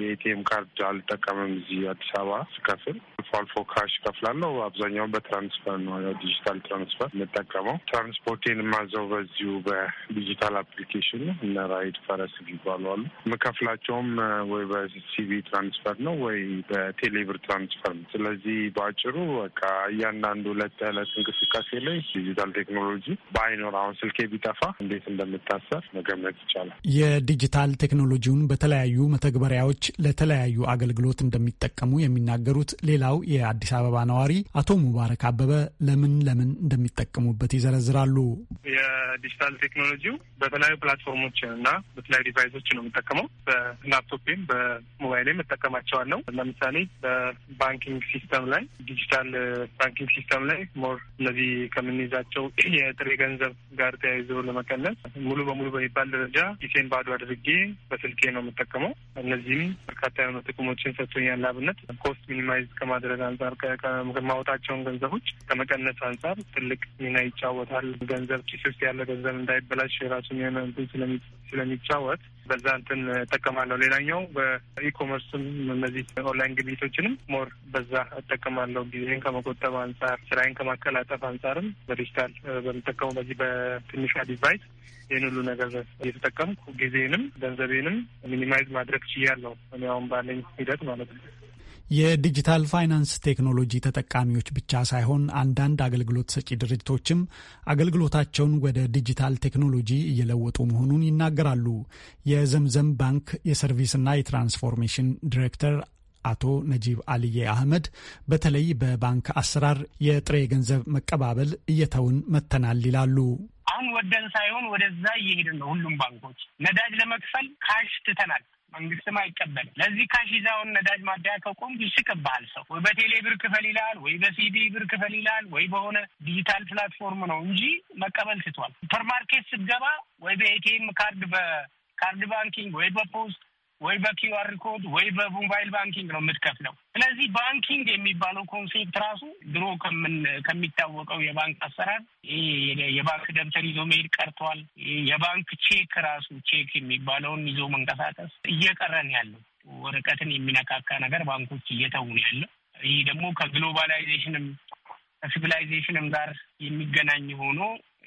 የኤቲኤም ካርድ አልጠቀምም። እዚህ አዲስ አበባ ስከፍል አልፎ አልፎ ካሽ ከፍላለሁ። አብዛኛውን በትራንስፈር ነው፣ ዲጂታል ትራንስፈር የምጠቀመው። ትራንስፖርቴን የማዘው በዚሁ በዲጂታል አፕሊኬሽን እነ ራይድ ፈረስ ይባሉ አሉ። የምከፍላቸውም ወይ በሲቪ ትራንስፈር ነው ወይ በቴሌብር ትራንስፈር ነው። ስለዚህ በአጭሩ በቃ እያንዳንዱ ዕለት ተዕለት እንቅስቃሴ ላይ ዲጂታል ቴክኖሎጂ በአይኖር አሁን ስልኬ ቢጠፋ እንዴት እንደምታሰር መገመት ይቻላል። የዲጂታል ቴክኖሎጂውን በተለያዩ መተግበሪያዎች ኃይሎች ለተለያዩ አገልግሎት እንደሚጠቀሙ የሚናገሩት ሌላው የአዲስ አበባ ነዋሪ አቶ ሙባረክ አበበ ለምን ለምን እንደሚጠቀሙበት ይዘረዝራሉ። የዲጂታል ቴክኖሎጂው በተለያዩ ፕላትፎርሞች እና በተለያዩ ዲቫይሶች ነው የምጠቀመው። በላፕቶፕም በሞባይሌም እጠቀማቸዋለሁ። ለምሳሌ በባንኪንግ ሲስተም ላይ ዲጂታል ባንኪንግ ሲስተም ላይ ሞር እነዚህ ከምንይዛቸው [CLEARS THROAT] የጥሬ ገንዘብ ጋር ተያይዞ ለመቀነስ ሙሉ በሙሉ በሚባል ደረጃ ጊዜን ባዶ አድርጌ በስልኬ ነው የምጠቀመው። እነዚህም በርካታ የሆነ ጥቅሞችን ሰጥቶኛል። አብነት ኮስት ሚኒማይዝ ከማድረግ አንጻር ከማወጣቸውን ገንዘቦች ከመቀነስ አንጻር ትልቅ ሚና ይጫወታል። ገንዘብ ኪስ ውስጥ ያለ ገንዘብ እንዳይበላሽ የራሱን የሆነ እንትን ስለሚጫወት በዛ እንትን እጠቀማለሁ። ሌላኛው በኢኮመርስም እነዚህ ኦንላይን ግብይቶችንም ሞር በዛ እጠቀማለሁ። ጊዜን ከመቆጠብ አንጻር፣ ስራዬን ከማቀላጠፍ አንጻርም በዲጂታል በምጠቀመው በዚህ በትንሿ ዲቫይስ ይህን ሁሉ ነገር እየተጠቀምኩ ጊዜንም ገንዘቤንም ሚኒማይዝ ማድረግ ችያለሁ። እኔ አሁን ባለኝ ሂደት ማለት ነው። የዲጂታል ፋይናንስ ቴክኖሎጂ ተጠቃሚዎች ብቻ ሳይሆን አንዳንድ አገልግሎት ሰጪ ድርጅቶችም አገልግሎታቸውን ወደ ዲጂታል ቴክኖሎጂ እየለወጡ መሆኑን ይናገራሉ። የዘምዘም ባንክ የሰርቪስና የትራንስፎርሜሽን ዲሬክተር አቶ ነጂብ አልዬ አህመድ በተለይ በባንክ አሰራር የጥሬ ገንዘብ መቀባበል እየተውን መጥተናል ይላሉ። አሁን ወደን ሳይሆን ወደዛ እየሄድን ነው። ሁሉም ባንኮች ነዳጅ ለመክፈል ካሽ ትተናል። መንግስትም አይቀበልም። ለዚህ ካሽ ይዛውን ነዳጅ ማደያ ከቆም ይስቅብሃል። ሰው ወይ በቴሌ ብር ክፈል ይላል፣ ወይ በሲዲ ብር ክፈል ይላል፣ ወይ በሆነ ዲጂታል ፕላትፎርም ነው እንጂ መቀበል ትቷል። ሱፐርማርኬት ስትገባ ወይ በኤቲኤም ካርድ በካርድ ባንኪንግ ወይ በፖስት ወይ በኪዋር ኮድ ወይ በሞባይል ባንኪንግ ነው የምትከፍለው። ስለዚህ ባንኪንግ የሚባለው ኮንሴፕት ራሱ ድሮ ከሚታወቀው የባንክ አሰራር የባንክ ደብተር ይዞ መሄድ ቀርተዋል። የባንክ ቼክ ራሱ ቼክ የሚባለውን ይዞ መንቀሳቀስ እየቀረን ያለው ወረቀትን የሚነካካ ነገር ባንኮች እየተውን ያለው። ይህ ደግሞ ከግሎባላይዜሽንም ከሲቪላይዜሽንም ጋር የሚገናኝ ሆኖ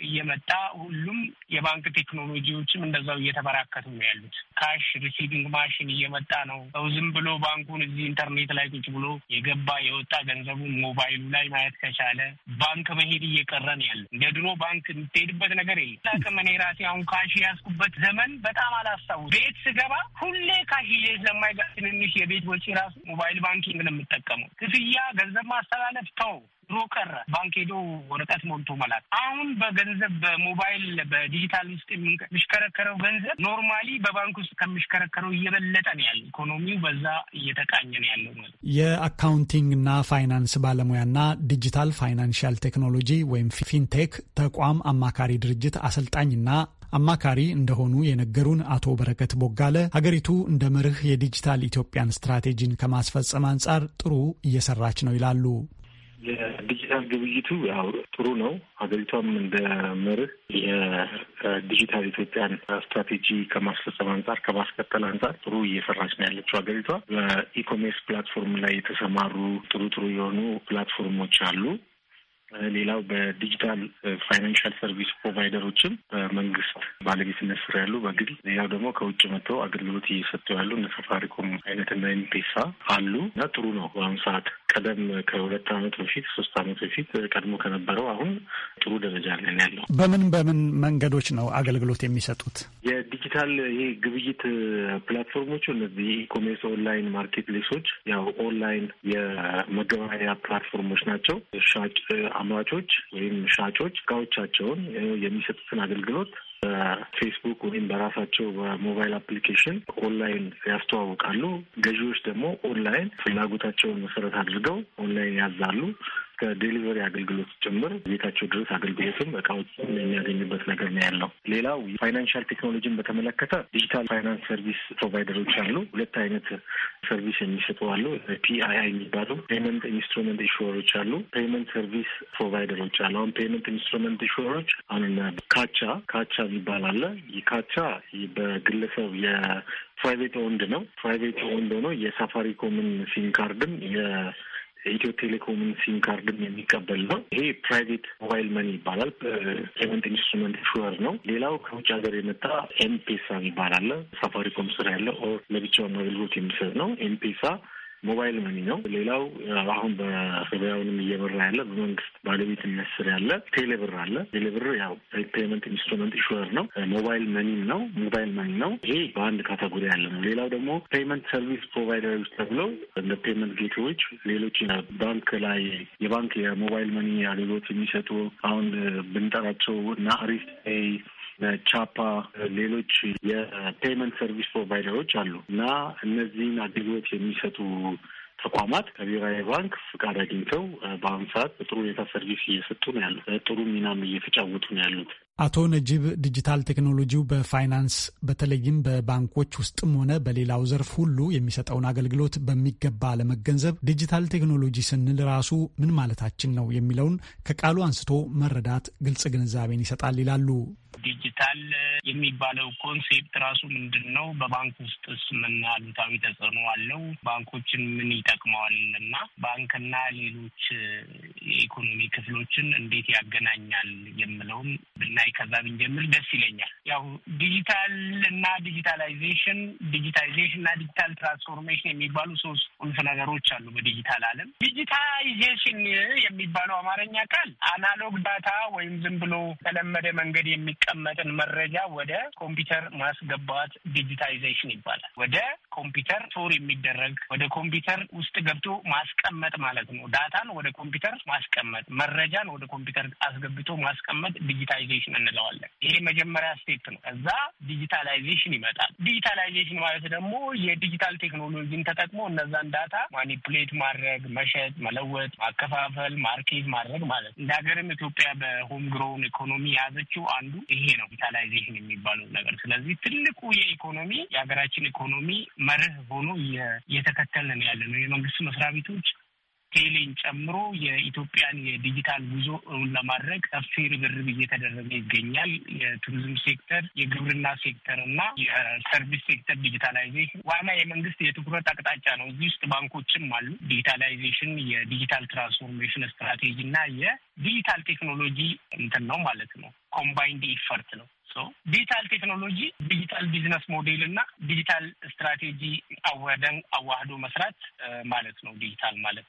እየመጣ ሁሉም የባንክ ቴክኖሎጂዎችም እንደዛው እየተበራከቱ ነው ያሉት። ካሽ ሪሲቪንግ ማሽን እየመጣ ነው። ሰው ዝም ብሎ ባንኩን እዚህ ኢንተርኔት ላይ ቁጭ ብሎ የገባ የወጣ ገንዘቡን ሞባይሉ ላይ ማየት ከቻለ ባንክ መሄድ እየቀረ ነው ያለ። እንደ ድሮ ባንክ የምትሄድበት ነገር የለም። ላቅም እኔ ራሴ አሁን ካሽ የያዝኩበት ዘመን በጣም አላስታውስም። ቤት ስገባ ሁሌ ካሽ ይዤ ስለማይጋ ትንንሽ የቤት ወጪ ራሱ ሞባይል ባንኪንግ ነው የምጠቀመው። ክፍያ፣ ገንዘብ ማስተላለፍ ተው ኖ ቀረ ባንክ ሄዶ ወረቀት ሞልቶ መላክ። አሁን በገንዘብ በሞባይል በዲጂታል ውስጥ የሚሽከረከረው ገንዘብ ኖርማሊ በባንክ ውስጥ ከሚሽከረከረው እየበለጠ ነው ያለ ኢኮኖሚው በዛ እየተቃኘ ነው ያለው ማለት የአካውንቲንግና ፋይናንስ ባለሙያና ዲጂታል ፋይናንሻል ቴክኖሎጂ ወይም ፊንቴክ ተቋም አማካሪ ድርጅት አሰልጣኝና አማካሪ እንደሆኑ የነገሩን አቶ በረከት ቦጋለ ሀገሪቱ እንደ መርህ የዲጂታል ኢትዮጵያን ስትራቴጂን ከማስፈጸም አንጻር ጥሩ እየሰራች ነው ይላሉ። የዲጂታል ግብይቱ ያው ጥሩ ነው። ሀገሪቷም እንደ መርህ የዲጂታል ኢትዮጵያን ስትራቴጂ ከማስፈጸም አንጻር ከማስቀጠል አንጻር ጥሩ እየሰራች ነው ያለችው ሀገሪቷ። በኢኮሜርስ ፕላትፎርም ላይ የተሰማሩ ጥሩ ጥሩ የሆኑ ፕላትፎርሞች አሉ። ሌላው በዲጂታል ፋይናንሻል ሰርቪስ ፕሮቫይደሮችም በመንግስት ባለቤትነት ስር ያሉ በግል ሌላው ደግሞ ከውጭ መጥተው አገልግሎት እየሰጡ ያሉ እነ ሳፋሪኮም እና ኤምፔሳ አሉ እና ጥሩ ነው። በአሁኑ ሰዓት ቀደም ከሁለት ዓመት በፊት ሶስት ዓመት በፊት ቀድሞ ከነበረው አሁን ጥሩ ደረጃ ላይ ያለው። በምን በምን መንገዶች ነው አገልግሎት የሚሰጡት? የዲጂታል ይሄ ግብይት ፕላትፎርሞቹ እነዚህ ኢኮሜርስ ኦንላይን ማርኬት ፕሌሶች ያው ኦንላይን የመገበያያ ፕላትፎርሞች ናቸው ሻጭ አምራቾች ወይም ሻጮች እቃዎቻቸውን የሚሰጡትን አገልግሎት በፌስቡክ ወይም በራሳቸው በሞባይል አፕሊኬሽን ኦንላይን ያስተዋውቃሉ። ገዢዎች ደግሞ ኦንላይን ፍላጎታቸውን መሰረት አድርገው ኦንላይን ያዛሉ። እስከ ዴሊቨሪ አገልግሎት ጭምር ቤታቸው ድረስ አገልግሎትም እቃዎች የሚያገኙበት ነገር ነው ያለው። ሌላው ፋይናንሻል ቴክኖሎጂን በተመለከተ ዲጂታል ፋይናንስ ሰርቪስ ፕሮቫይደሮች አሉ። ሁለት አይነት ሰርቪስ የሚሰጡ አሉ። ፒአይአይ የሚባሉ ፔመንት ኢንስትሩመንት ኢንሹሮች አሉ። ፔመንት ሰርቪስ ፕሮቫይደሮች አሉ። አሁን ፔመንት ኢንስትሩመንት ኢንሹሮች አሁንና ካቻ ካቻ የሚባል አለ። ካቻ በግለሰብ ፕራይቬት ኦንድ ነው። ፕራይቬት ኦንድ ሆኖ የሳፋሪኮምን ሲም ካርድም ኢትዮ ቴሌኮምን ሲም ካርድም የሚቀበል ነው። ይሄ ፕራይቬት ሞባይል መኒ ይባላል። ፔመንት ኢንስትሩመንት ሹር ነው። ሌላው ከውጭ ሀገር የመጣ ኤምፔሳ ይባላል። ሳፋሪኮም ስር ያለ ኦር ለብቻውን አገልግሎት የሚሰጥ ነው። ኤምፔሳ ሞባይል መኒ ነው። ሌላው አሁን በገበያውንም እየመራ ያለ በመንግስት ባለቤትነት ስር ያለ ቴሌብር አለ። ቴሌብር ያው ፔመንት ኢንስትሩመንት ኢሹር ነው። ሞባይል መኒም ነው። ሞባይል መኒ ነው። ይሄ በአንድ ካታጎሪ ያለ ነው። ሌላው ደግሞ ፔመንት ሰርቪስ ፕሮቫይደሮች ተብለው እንደ ፔመንት ጌትዎች፣ ሌሎች ባንክ ላይ የባንክ የሞባይል መኒ አገልግሎት የሚሰጡ አሁን ብንጠራቸው እና አሪፍ ቻፓ፣ ሌሎች የፔመንት ሰርቪስ ፕሮቫይደሮች አሉ እና እነዚህን አገልግሎት የሚሰጡ ተቋማት ከብሔራዊ ባንክ ፍቃድ አግኝተው በአሁኑ ሰዓት በጥሩ ሁኔታ ሰርቪስ እየሰጡ ነው ያሉት። ጥሩ ሚናም እየተጫወቱ ነው ያሉት። አቶ ነጂብ ዲጂታል ቴክኖሎጂው በፋይናንስ በተለይም በባንኮች ውስጥም ሆነ በሌላው ዘርፍ ሁሉ የሚሰጠውን አገልግሎት በሚገባ ለመገንዘብ ዲጂታል ቴክኖሎጂ ስንል ራሱ ምን ማለታችን ነው የሚለውን ከቃሉ አንስቶ መረዳት ግልጽ ግንዛቤን ይሰጣል ይላሉ። ዲጂታል የሚባለው ኮንሴፕት ራሱ ምንድን ነው? በባንክ ውስጥስ ምን አሉታዊ ተጽዕኖ አለው? ባንኮችን ምን ይጠቅመዋል? እና ባንክና ሌሎች የኢኮኖሚ ክፍሎችን እንዴት ያገናኛል የምለውን ብናይ ከዛ ብንጀምር ደስ ይለኛል። ያው ዲጂታል እና ዲጂታላይዜሽን ዲጂታይዜሽን እና ዲጂታል ትራንስፎርሜሽን የሚባሉ ሶስት ቁልፍ ነገሮች አሉ በዲጂታል ዓለም። ዲጂታይዜሽን የሚባለው አማርኛ ቃል አናሎግ ዳታ ወይም ዝም ብሎ ተለመደ መንገድ የሚቀ ያስቀመጥን መረጃ ወደ ኮምፒውተር ማስገባት ዲጂታይዜሽን ይባላል። ወደ ኮምፒውተር ቶር የሚደረግ ወደ ኮምፒውተር ውስጥ ገብቶ ማስቀመጥ ማለት ነው። ዳታን ወደ ኮምፒውተር ማስቀመጥ፣ መረጃን ወደ ኮምፒውተር አስገብቶ ማስቀመጥ ዲጂታይዜሽን እንለዋለን። ይሄ መጀመሪያ ስቴፕ ነው። ከዛ ዲጂታላይዜሽን ይመጣል። ዲጂታላይዜሽን ማለት ደግሞ የዲጂታል ቴክኖሎጂን ተጠቅሞ እነዛን ዳታ ማኒፕሌት ማድረግ፣ መሸጥ፣ መለወጥ፣ ማከፋፈል፣ ማርኬት ማድረግ ማለት ነው። እንደ ሀገርም ኢትዮጵያ በሆም ግሮውን ኢኮኖሚ የያዘችው አንዱ ይሄ ይሄ ነው ቪታላይዜሽን የሚባለው ነገር። ስለዚህ ትልቁ የኢኮኖሚ የሀገራችን ኢኮኖሚ መርህ ሆኖ እየተከተልን ያለ ነው። የመንግስት መስሪያ ቤቶች ቴሌን ጨምሮ የኢትዮጵያን የዲጂታል ጉዞ እውን ለማድረግ ሰፊ ርብርብ እየተደረገ ይገኛል። የቱሪዝም ሴክተር፣ የግብርና ሴክተር እና የሰርቪስ ሴክተር ዲጂታላይዜሽን ዋና የመንግስት የትኩረት አቅጣጫ ነው። እዚህ ውስጥ ባንኮችም አሉ። ዲጂታላይዜሽን የዲጂታል ትራንስፎርሜሽን ስትራቴጂ እና የዲጂታል ቴክኖሎጂ እንትን ነው ማለት ነው። ኮምባይንድ ኢፈርት ነው። ዲጂታል ቴክኖሎጂ፣ ዲጂታል ቢዝነስ ሞዴል እና ዲጂታል ስትራቴጂ አወደን አዋህዶ መስራት ማለት ነው። ዲጂታል ማለት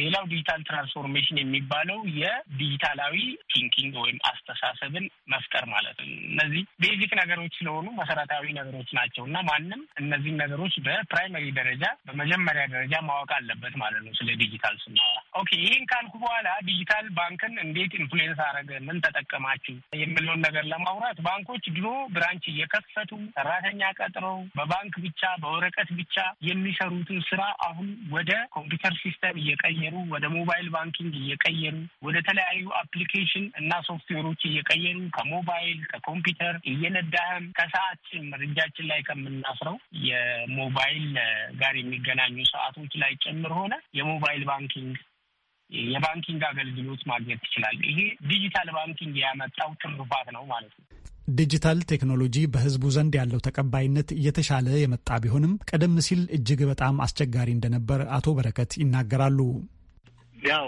ሌላው ዲጂታል ትራንስፎርሜሽን የሚባለው የዲጂታላዊ ቲንኪንግ ወይም አስተሳሰብን መፍጠር ማለት ነው። እነዚህ ቤዚክ ነገሮች ስለሆኑ መሰረታዊ ነገሮች ናቸው እና ማንም እነዚህ ነገሮች በፕራይመሪ ደረጃ በመጀመሪያ ደረጃ ማወቅ አለበት ማለት ነው። ስለ ዲጂታል ስናወራ ኦኬ። ይህን ካልኩ በኋላ ዲጂታል ባንክን እንዴት ኢንፍሉዌንስ አረገ፣ ምን ተጠቀማችሁ የሚለውን ነገር ለማውራት ባንኮች ድሮ ብራንች እየከፈቱ ሰራተኛ ቀጥረው በባንክ ብቻ በወረቀት ብቻ የሚሰሩትን ስራ አሁን ወደ ኮምፒውተር ሲስተም እየቀየሩ ወደ ሞባይል ባንኪንግ እየቀየሩ ወደ ተለያዩ አፕሊኬሽን እና ሶፍትዌሮች እየቀየሩ ከሞባይል ከኮምፒውተር እየነዳህም ከሰዓት መረጃችን ላይ ከምናስረው የሞባይል ጋር የሚገናኙ ሰዓቶች ላይ ጭምር ሆነ የሞባይል ባንኪንግ የባንኪንግ አገልግሎት ማግኘት ትችላለህ። ይሄ ዲጂታል ባንኪንግ ያመጣው ትርፋት ነው ማለት ነው። ዲጂታል ቴክኖሎጂ በህዝቡ ዘንድ ያለው ተቀባይነት እየተሻለ የመጣ ቢሆንም ቀደም ሲል እጅግ በጣም አስቸጋሪ እንደነበር አቶ በረከት ይናገራሉ። ያው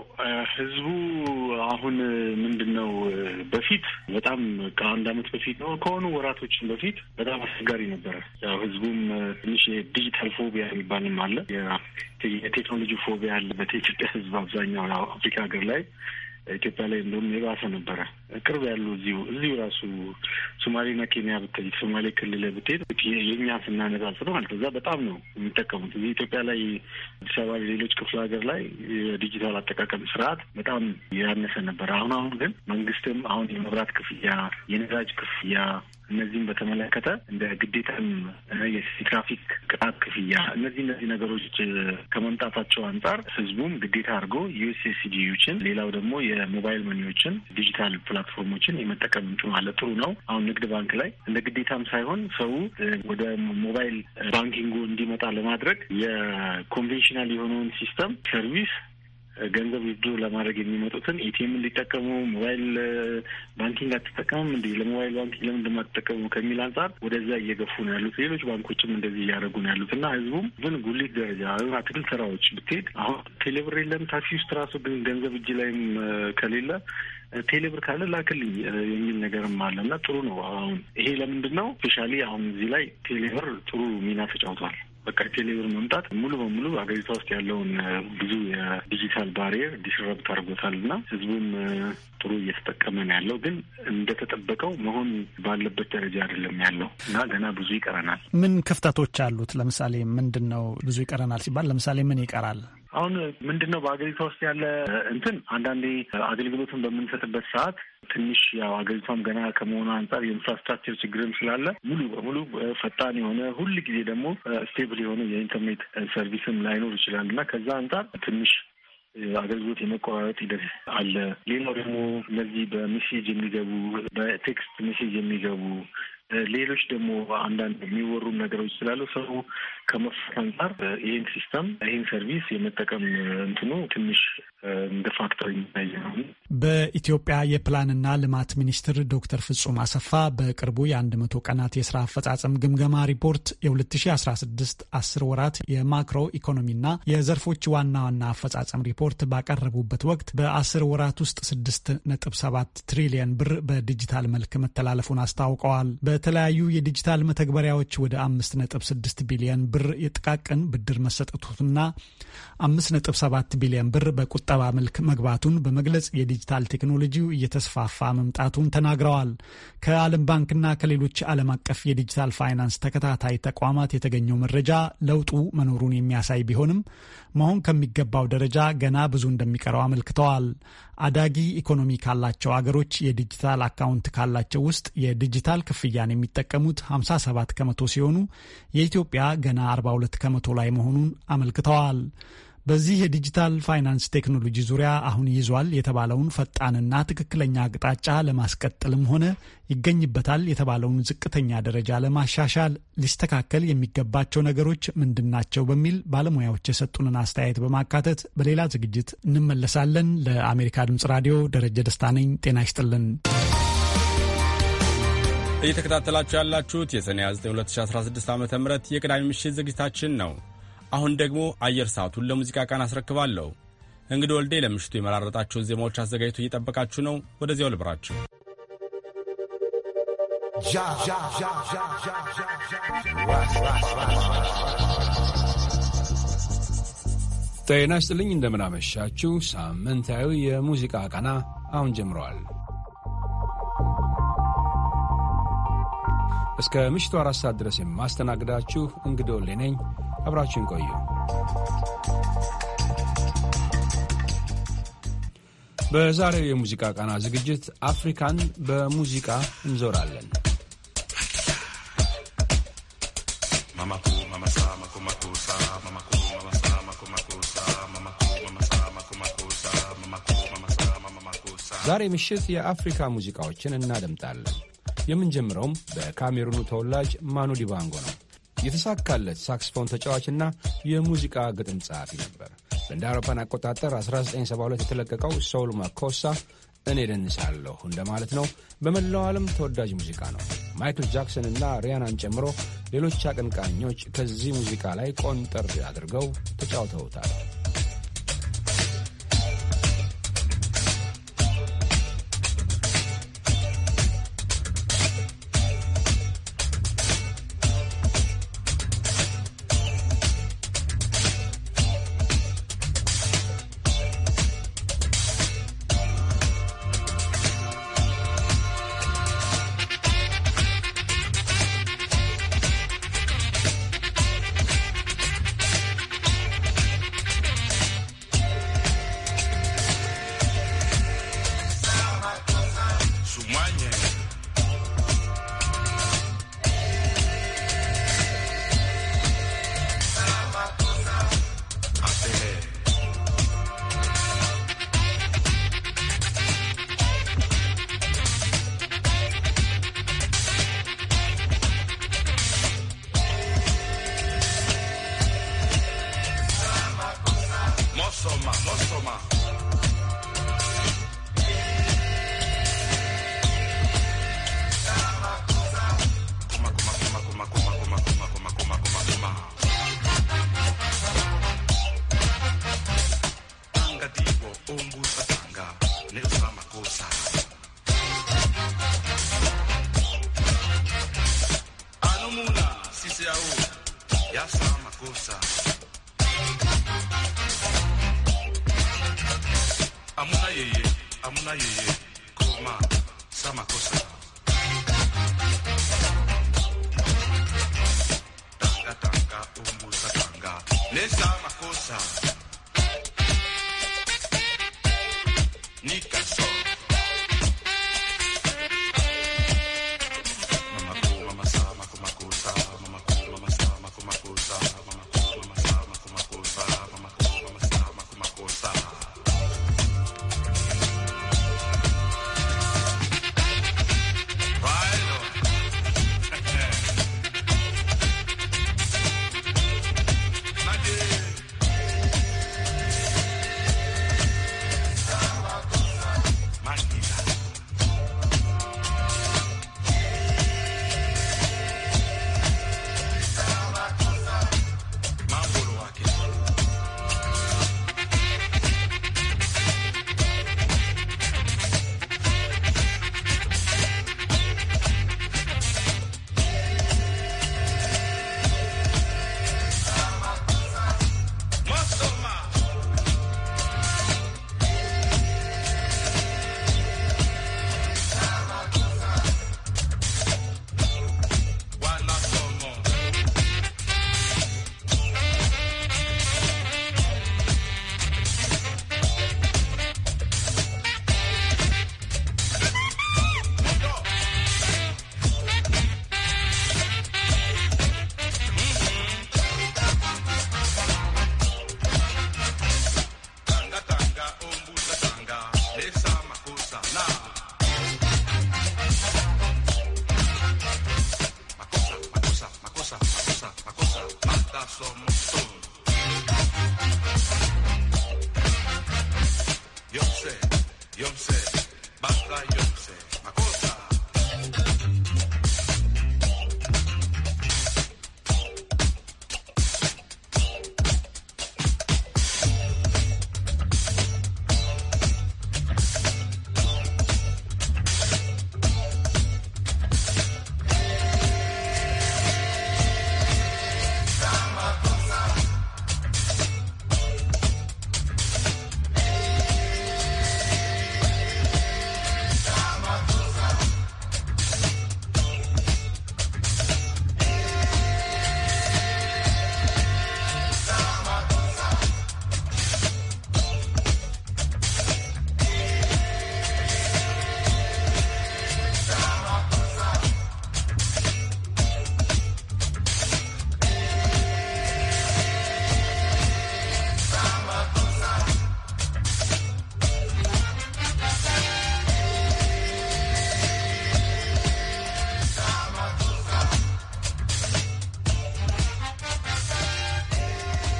ህዝቡ አሁን ምንድን ነው በፊት በጣም ከአንድ አመት በፊት ነው ከሆኑ ወራቶችን በፊት በጣም አስቸጋሪ ነበረ። ያው ህዝቡም ትንሽ የዲጂታል ፎቢያ የሚባልም አለ፣ የቴክኖሎጂ ፎቢያ አለ በኢትዮጵያ ህዝብ አብዛኛው አፍሪካ ሀገር ላይ ኢትዮጵያ ላይ እንደውም የባሰ ነበረ ቅርብ ያሉ እዚሁ እዚሁ ራሱ ሶማሌና ኬንያ ብትሄድ ሶማሌ ክልል ብትሄድ የእኛ ስናነሳስለው ማለት እዛ በጣም ነው የሚጠቀሙት። እዚህ ኢትዮጵያ ላይ አዲስ አበባ፣ ሌሎች ክፍለ ሀገር ላይ የዲጂታል አጠቃቀም ስርዓት በጣም ያነሰ ነበር። አሁን አሁን ግን መንግስትም አሁን የመብራት ክፍያ፣ የነዳጅ ክፍያ እነዚህም በተመለከተ እንደ ግዴታም የትራፊክ ቅጣት ክፍያ እነዚህ እነዚህ ነገሮች ከመምጣታቸው አንጻር ህዝቡም ግዴታ አድርጎ ዩኤስኤስዲዩችን ሌላው ደግሞ የሞባይል መኒዎችን ዲጂታል ፕላ ፕላትፎርሞችን የመጠቀም እንትኑ ማለት ጥሩ ነው። አሁን ንግድ ባንክ ላይ እንደ ግዴታም ሳይሆን ሰው ወደ ሞባይል ባንኪንጉ እንዲመጣ ለማድረግ የኮንቬንሽናል የሆነውን ሲስተም ሰርቪስ ገንዘብ ውድድሩ ለማድረግ የሚመጡትን ኢቲኤምን እንዲጠቀሙ ሞባይል ባንኪንግ አትጠቀምም እንዲ ለሞባይል ባንኪንግ ለምን እንደማትጠቀሙ ከሚል አንጻር ወደዛ እየገፉ ነው ያሉት። ሌሎች ባንኮችም እንደዚህ እያደረጉ ነው ያሉት እና ህዝቡም ግን ጉሊት ደረጃ አትክልት ስራዎች ብትሄድ አሁን ቴሌብር የለም ታክሲ ውስጥ ራሱ ግን ገንዘብ እጅ ላይም ከሌለ ቴሌብር ካለ ላክልኝ የሚል ነገርም አለ እና ጥሩ ነው። አሁን ይሄ ለምንድን ነው ስፔሻሊ አሁን እዚህ ላይ ቴሌብር ጥሩ ሚና ተጫውቷል። በቃ ቴሌብር መምጣት ሙሉ በሙሉ ሀገሪቷ ውስጥ ያለውን ብዙ የዲጂታል ባሪየር ዲስረብት አድርጎታል እና ህዝቡም ጥሩ እየተጠቀመ ነው ያለው። ግን እንደተጠበቀው መሆን ባለበት ደረጃ አይደለም ያለው እና ገና ብዙ ይቀረናል። ምን ክፍተቶች አሉት? ለምሳሌ ምንድን ነው ብዙ ይቀረናል ሲባል ለምሳሌ ምን ይቀራል? አሁን ምንድን ነው በአገሪቷ ውስጥ ያለ እንትን አንዳንዴ አገልግሎትን በምንሰጥበት ሰዓት ትንሽ ያው አገሪቷም ገና ከመሆኑ አንጻር የኢንፍራስትራክቸር ችግርም ስላለ ሙሉ በሙሉ ፈጣን የሆነ ሁል ጊዜ ደግሞ ስቴብል የሆነ የኢንተርኔት ሰርቪስም ላይኖር ይችላል እና ከዛ አንጻር ትንሽ አገልግሎት የመቆራረጥ ሂደት አለ። ሌላው ደግሞ እነዚህ በሜሴጅ የሚገቡ በቴክስት ሜሴጅ የሚገቡ ሌሎች ደግሞ አንዳንድ የሚወሩ ነገሮች ስላሉ ሰው ከመፍራት አንጻር ይህን ሲስተም ይህን ሰርቪስ የመጠቀም እንትኑ ትንሽ እንደ ፋክተር የሚታይ ነው። በኢትዮጵያ የፕላንና ልማት ሚኒስትር ዶክተር ፍጹም አሰፋ በቅርቡ የአንድ መቶ ቀናት የስራ አፈጻጸም ግምገማ ሪፖርት የ2016 አስር ወራት የማክሮ ኢኮኖሚና የዘርፎች ዋና ዋና አፈጻጸም ሪፖርት ባቀረቡበት ወቅት በአስር ወራት ውስጥ 6.7 ትሪሊየን ብር በዲጂታል መልክ መተላለፉን አስታውቀዋል። ከተለያዩ የዲጂታል መተግበሪያዎች ወደ 5.6 ቢሊዮን ብር የጥቃቅን ብድር መሰጠቱና 5.7 ቢሊዮን ብር በቁጠባ መልክ መግባቱን በመግለጽ የዲጂታል ቴክኖሎጂው እየተስፋፋ መምጣቱን ተናግረዋል። ከዓለም ባንክና ከሌሎች ዓለም አቀፍ የዲጂታል ፋይናንስ ተከታታይ ተቋማት የተገኘው መረጃ ለውጡ መኖሩን የሚያሳይ ቢሆንም መሆን ከሚገባው ደረጃ ገና ብዙ እንደሚቀረው አመልክተዋል። አዳጊ ኢኮኖሚ ካላቸው አገሮች የዲጂታል አካውንት ካላቸው ውስጥ የዲጂታል ክፍያ መረጃን የሚጠቀሙት 57 ከመቶ ሲሆኑ የኢትዮጵያ ገና 42 ከመቶ ላይ መሆኑን አመልክተዋል። በዚህ የዲጂታል ፋይናንስ ቴክኖሎጂ ዙሪያ አሁን ይዟል የተባለውን ፈጣንና ትክክለኛ አቅጣጫ ለማስቀጠልም ሆነ ይገኝበታል የተባለውን ዝቅተኛ ደረጃ ለማሻሻል ሊስተካከል የሚገባቸው ነገሮች ምንድናቸው በሚል ባለሙያዎች የሰጡንን አስተያየት በማካተት በሌላ ዝግጅት እንመለሳለን። ለአሜሪካ ድምጽ ራዲዮ ደረጀ ደስታ ነኝ። ጤና ይስጥልን። እየተከታተላችሁ ያላችሁት የሰኔ 29 2016 ዓ ም የቅዳሜ ምሽት ዝግጅታችን ነው። አሁን ደግሞ አየር ሰዓቱን ለሙዚቃ ቃን አስረክባለሁ። እንግዲህ ወልዴ ለምሽቱ የመራረጣችሁን ዜማዎች አዘጋጅቶ እየጠበቃችሁ ነው። ወደዚያው ልብራችሁ ጤና ይስጥልኝ። እንደምናመሻችሁ። ሳምንታዊ የሙዚቃ ቃና አሁን ጀምረዋል። እስከ ምሽቱ አራት ሰዓት ድረስ የማስተናግዳችሁ እንግዶ ሌነኝ አብራችን ቆዩ። በዛሬው የሙዚቃ ቃና ዝግጅት አፍሪካን በሙዚቃ እንዞራለን። ዛሬ ምሽት የአፍሪካ ሙዚቃዎችን እናደምጣለን። የምንጀምረውም በካሜሩኑ ተወላጅ ማኑ ዲባንጎ ነው። የተሳካለት ሳክስፎን ተጫዋችና የሙዚቃ ግጥም ጸሐፊ ነበር። በእንደ አውሮፓን አቆጣጠር 1972 የተለቀቀው ሶል ማኮሳ እኔ ደንሳለሁ እንደማለት ነው። በመላው ዓለም ተወዳጅ ሙዚቃ ነው። ማይክል ጃክሰን እና ሪያናን ጨምሮ ሌሎች አቀንቃኞች ከዚህ ሙዚቃ ላይ ቆንጠር አድርገው ተጫውተውታል።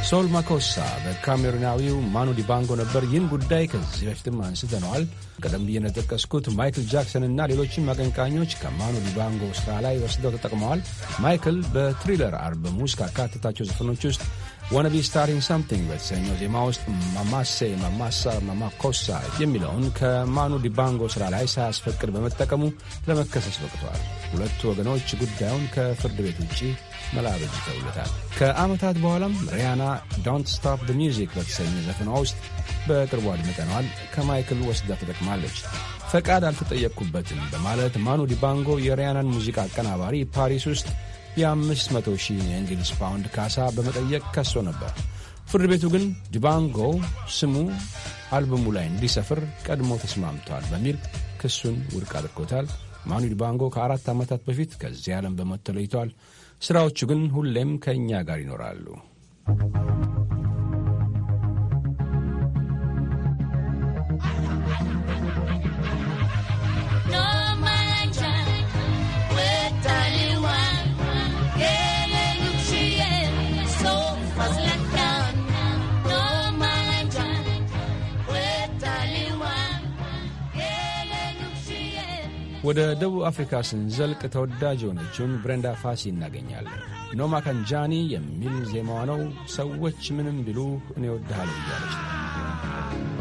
ሶል ማኮሳ በካሜሩናዊው ማኑ ዲባንጎ ነበር። ይህን ጉዳይ ከዚህ በፊትም አንስተነዋል። ቀደም ብዬ እንደጠቀስኩት ማይክል ጃክሰን እና ሌሎችም አቀንቃኞች ከማኑ ዲባንጎ ስራ ላይ ወስደው ተጠቅመዋል። ማይክል በትሪለር አልበም ውስጥ ካካተታቸው ዘፈኖች ውስጥ ዋነቢ ስታሪንግ ሳምቲንግ በተሰኘው ዜማ ውስጥ ማማሴ ማማሳ ማማኮሳ የሚለውን ከማኑ ዲባንጎ ስራ ላይ ሳያስፈቅድ በመጠቀሙ ለመከሰስ በቅቷል። ሁለቱ ወገኖች ጉዳዩን ከፍርድ ቤት ውጪ መላ በጅተውለታል። ከዓመታት በኋላም ሪያና ዶንት ስታፕ ደ ሚውዚክ በተሰኘ ዘፈኗ ውስጥ በቅርቡ አድምጠነዋል ከማይክል ወስዳ ተጠቅማለች። ፈቃድ አልተጠየቅኩበትም በማለት ማኑ ዲባንጎ የሪያናን ሙዚቃ አቀናባሪ ፓሪስ ውስጥ የ500 ሺህ የእንግሊዝ ፓውንድ ካሳ በመጠየቅ ከሶ ነበር። ፍርድ ቤቱ ግን ዲባንጎ ስሙ አልበሙ ላይ እንዲሰፍር ቀድሞ ተስማምተዋል በሚል ክሱን ውድቅ አድርጎታል። ማኑ ዲባንጎ ከአራት ዓመታት በፊት ከዚህ ዓለም በሞት ተለይተዋል። ሥራዎቹ ግን ሁሌም ከእኛ ጋር ይኖራሉ። ወደ ደቡብ አፍሪካ ስንዘልቅ ተወዳጅ የሆነችውን ብሬንዳ ፋሲ እናገኛለን። ኖማ ከንጃኒ የሚል ዜማዋ ነው። ሰዎች ምንም ቢሉ እኔ እወድሃለሁ እያለች ነው።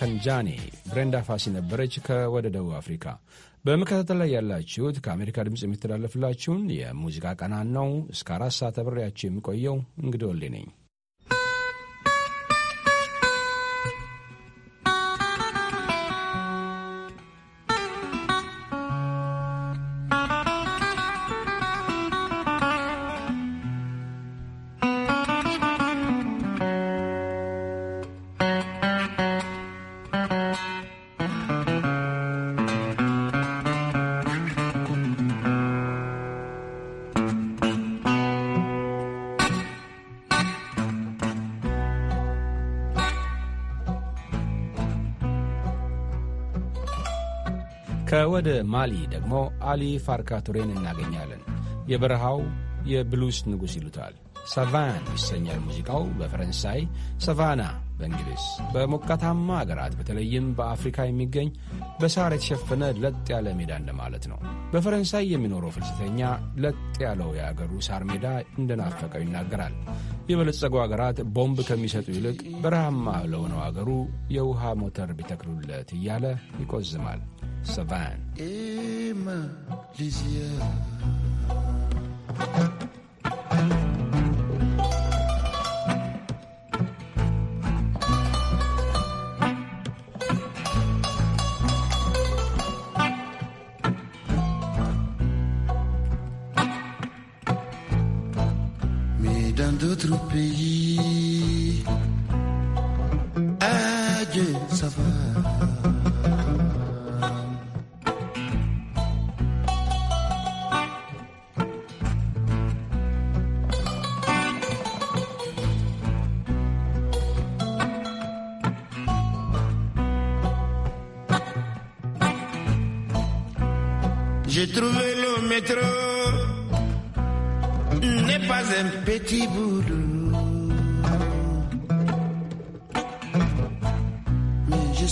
ከንጃኔ ብሬንዳ ፋሲ ነበረች ከወደ ደቡብ አፍሪካ። በመከታተል ላይ ያላችሁት ከአሜሪካ ድምፅ የሚተላለፍላችሁን የሙዚቃ ቀናን ነው። እስከ አራት ሰዓት አብሬያችሁ የሚቆየው እንግዲህ ወሌ ነኝ። ከወደ ማሊ ደግሞ አሊ ቱሬን እናገኛለን። የበረሃው የብሉስ ንጉሥ ይሉታል። ሳቫን ይሰኛል ሙዚቃው በፈረንሳይ ሰቫና በእንግሊዝ በሞቃታማ አገራት በተለይም በአፍሪካ የሚገኝ በሳር የተሸፈነ ለጥ ያለ ሜዳ እንደማለት ነው። በፈረንሳይ የሚኖረው ፍልሰተኛ ለጥ ያለው የአገሩ ሳር ሜዳ እንደናፈቀው ይናገራል። የበለጸጉ አገራት ቦምብ ከሚሰጡ ይልቅ በረሃማ ለሆነው አገሩ የውሃ ሞተር ቢተክሉለት እያለ ይቆዝማል። savane.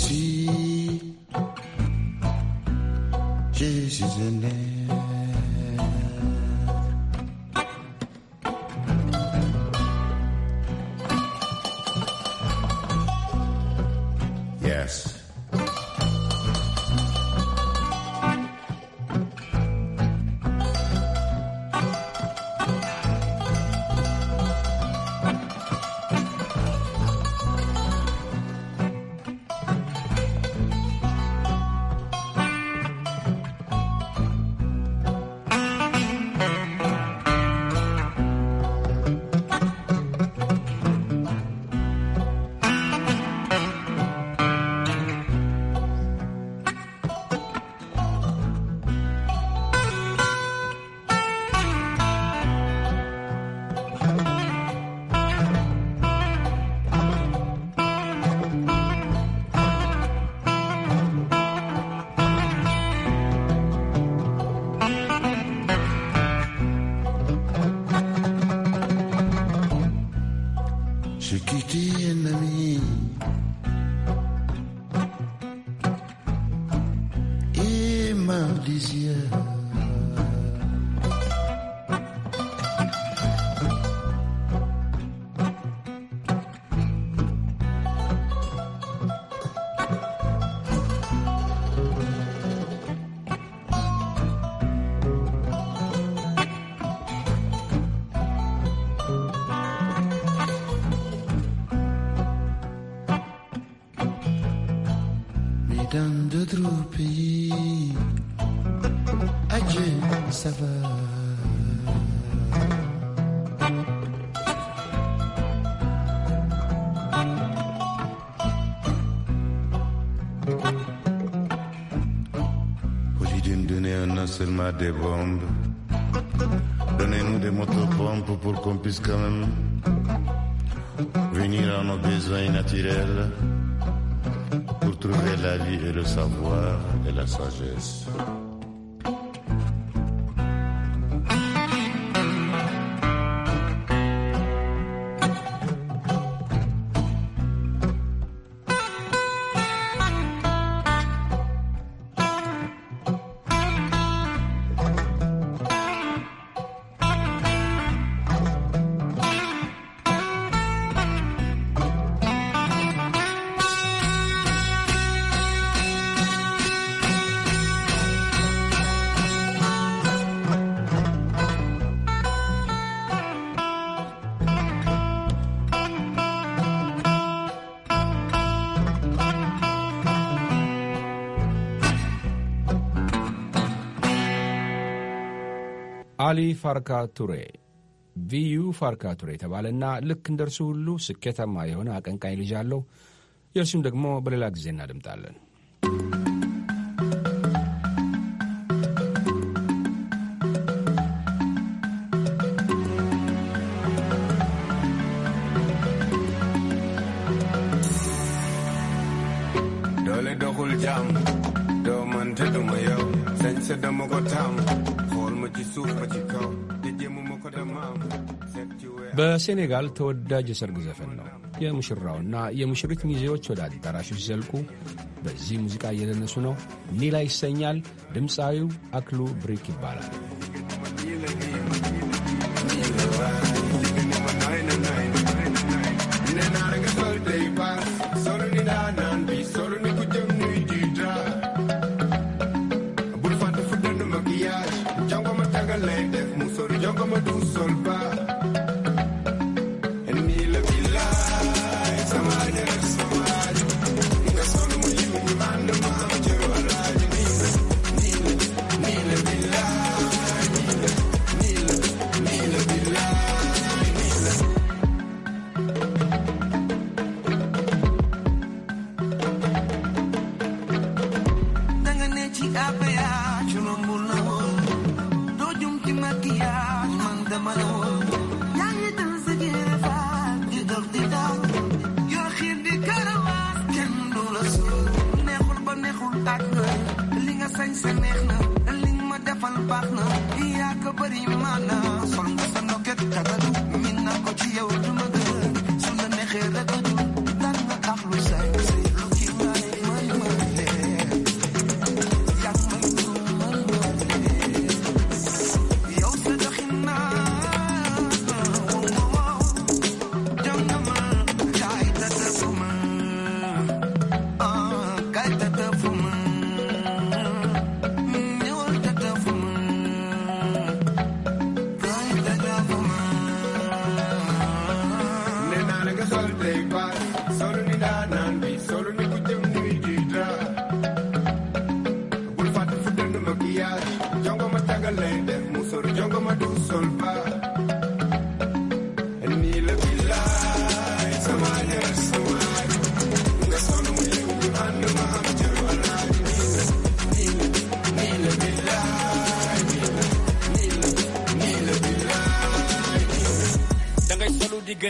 Jésus, Jésus de Nazareth. des bombes. Donnez-nous des motopompes pour qu'on puisse quand même venir à nos besoins naturels pour trouver la vie et le savoir et la sagesse. አሊ ፋርካቱሬ ቪዩ ፋርካቱሬ የተባለና ልክ እንደ እርሱ ሁሉ ስኬታማ የሆነ አቀንቃኝ ልጅ አለው። የእርሱም ደግሞ በሌላ ጊዜ እናድምጣለን። Jam, do man te do በሴኔጋል ተወዳጅ የሰርግ ዘፈን ነው። የሙሽራውና የሙሽሪት ሚዜዎች ወደ አዳራሹ ሲዘልቁ በዚህ ሙዚቃ እየደነሱ ነው። ኒላ ይሰኛል። ድምፃዊው አክሉ ብሪክ ይባላል።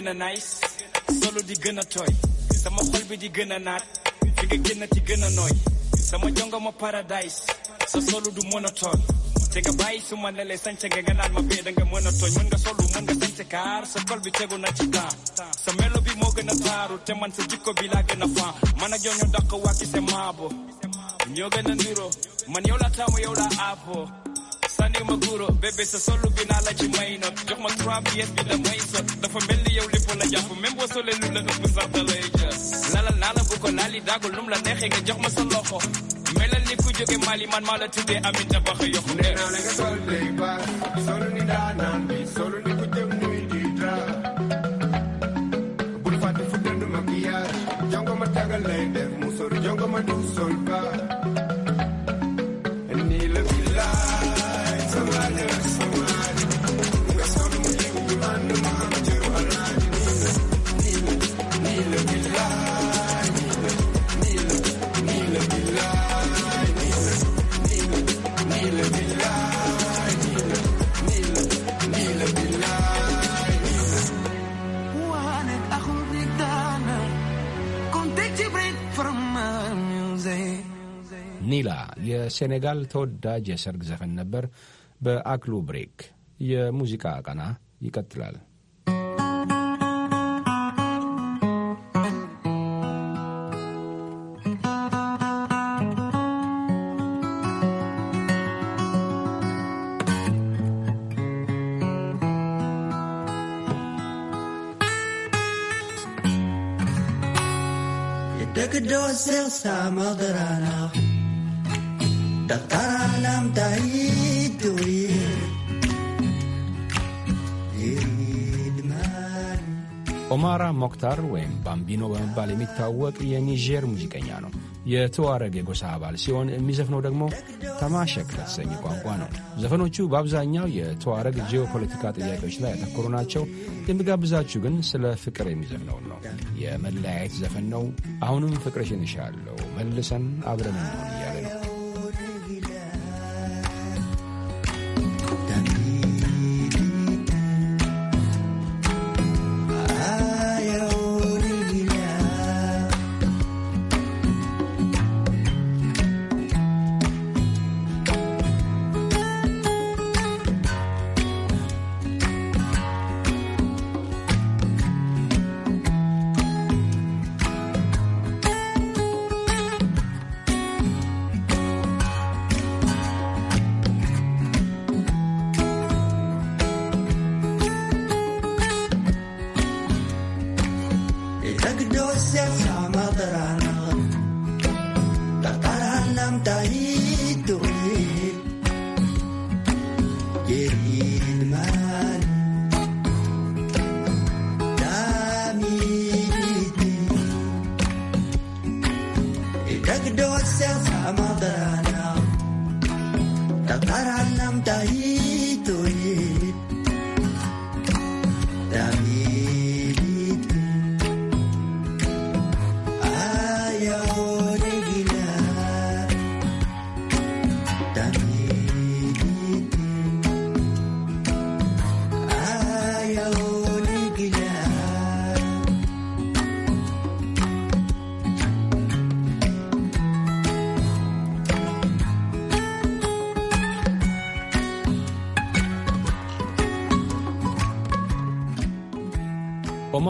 gën nice solo di gën toy. sama xol bi di gën nat, naat fi nga génn ci gën a nooy sama jongoma paradise sa solo du monotone te nga bàyyi su ma lelee sance nga nga naan ma bee da nga mën a tooñ mën nga solu mën nga sance kaar sa xol bi tegu na ci temps sa melo bi moo gën a taaru te man sa jikko bi laa gën a faan man ak yow ñu dàq wàcc sa maabo ñoo gën a niroo man yow laa taamu yow laa aaboo sànni ma guro bébé sa solu bi naa la ci may not jox ma trois pièces bi damay sot dafa mel ni yow lépp la jàpp même boo solee lu la ëpp sax da lay jël lalal naa la bu ko laali daagul lum la neexee nga jox ma sa loxo melal ni ku jóge Mali man maa la tuddee amin ta bax yoxu nee naa la nga sol day baax solu ni daa naan bi solu ni ku jëm nuy di dara bul fàtte fu dënd maquillage jongo ma tagal lay def mu sori jongo ma du sol baax ኒላ የሴኔጋል ተወዳጅ የሰርግ ዘፈን ነበር። በአክሉ ብሬክ የሙዚቃ ቀና ይቀጥላል። Take a door, sell some other I know. ኦማራ ሞክታር ወይም ባምቢኖ በመባል የሚታወቅ የኒጀር ሙዚቀኛ ነው። የተዋረግ የጎሳ አባል ሲሆን የሚዘፍነው ደግሞ ተማሸክ በተሰኘ ቋንቋ ነው። ዘፈኖቹ በአብዛኛው የተዋረግ ጂኦፖለቲካ ጥያቄዎች ላይ ያተኮሩ ናቸው። የሚጋብዛችሁ ግን ስለ ፍቅር የሚዘፍነውን ነው። የመለያየት ዘፈን ነው። አሁንም ፍቅርሽን እሻለሁ መልሰን አብረን ነው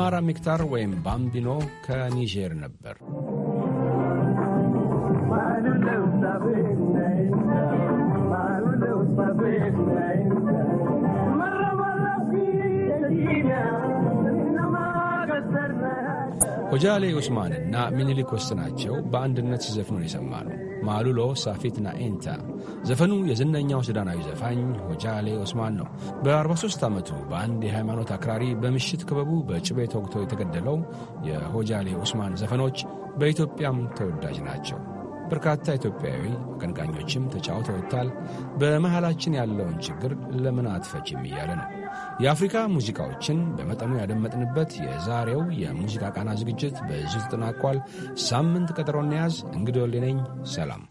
አማራ ሚክታር ወይም ባምቢኖ ከኒጀር ነበር። ሆጃሌ እና ሚኒሊክ ወስናቸው በአንድነት ሲዘፍኑን የሰማ ነው። ማሉሎ ሳፊትና ኤንታ። ዘፈኑ የዝነኛው ሱዳናዊ ዘፋኝ ሆጃሌ ኦስማን ነው። በ43 ዓመቱ በአንድ የሃይማኖት አክራሪ በምሽት ክበቡ በጩቤ ተወግቶ የተገደለው የሆጃሌ ኦስማን ዘፈኖች በኢትዮጵያም ተወዳጅ ናቸው። በርካታ ኢትዮጵያዊ አቀንቃኞችም ተጫውተውታል። በመሃላችን ያለውን ችግር ለምን አትፈችም እያለ ነው የአፍሪካ ሙዚቃዎችን በመጠኑ ያደመጥንበት የዛሬው የሙዚቃ ቃና ዝግጅት በዚህ ተጠናቋል። ሳምንት ቀጠሮ እንያዝ። እንግዲህ ወሌ ነኝ። ሰላም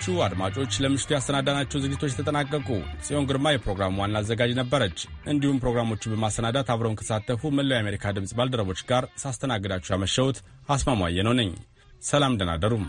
የተከበራችሁ አድማጮች ለምሽቱ ያሰናዳናቸው ዝግጅቶች ተጠናቀቁ። ጽዮን ግርማ የፕሮግራሙ ዋና አዘጋጅ ነበረች። እንዲሁም ፕሮግራሞቹን በማሰናዳት አብረውን ከተሳተፉ መላው የአሜሪካ ድምፅ ባልደረቦች ጋር ሳስተናግዳችሁ ያመሸሁት አስማማየ ነው ነኝ። ሰላም ደናደሩም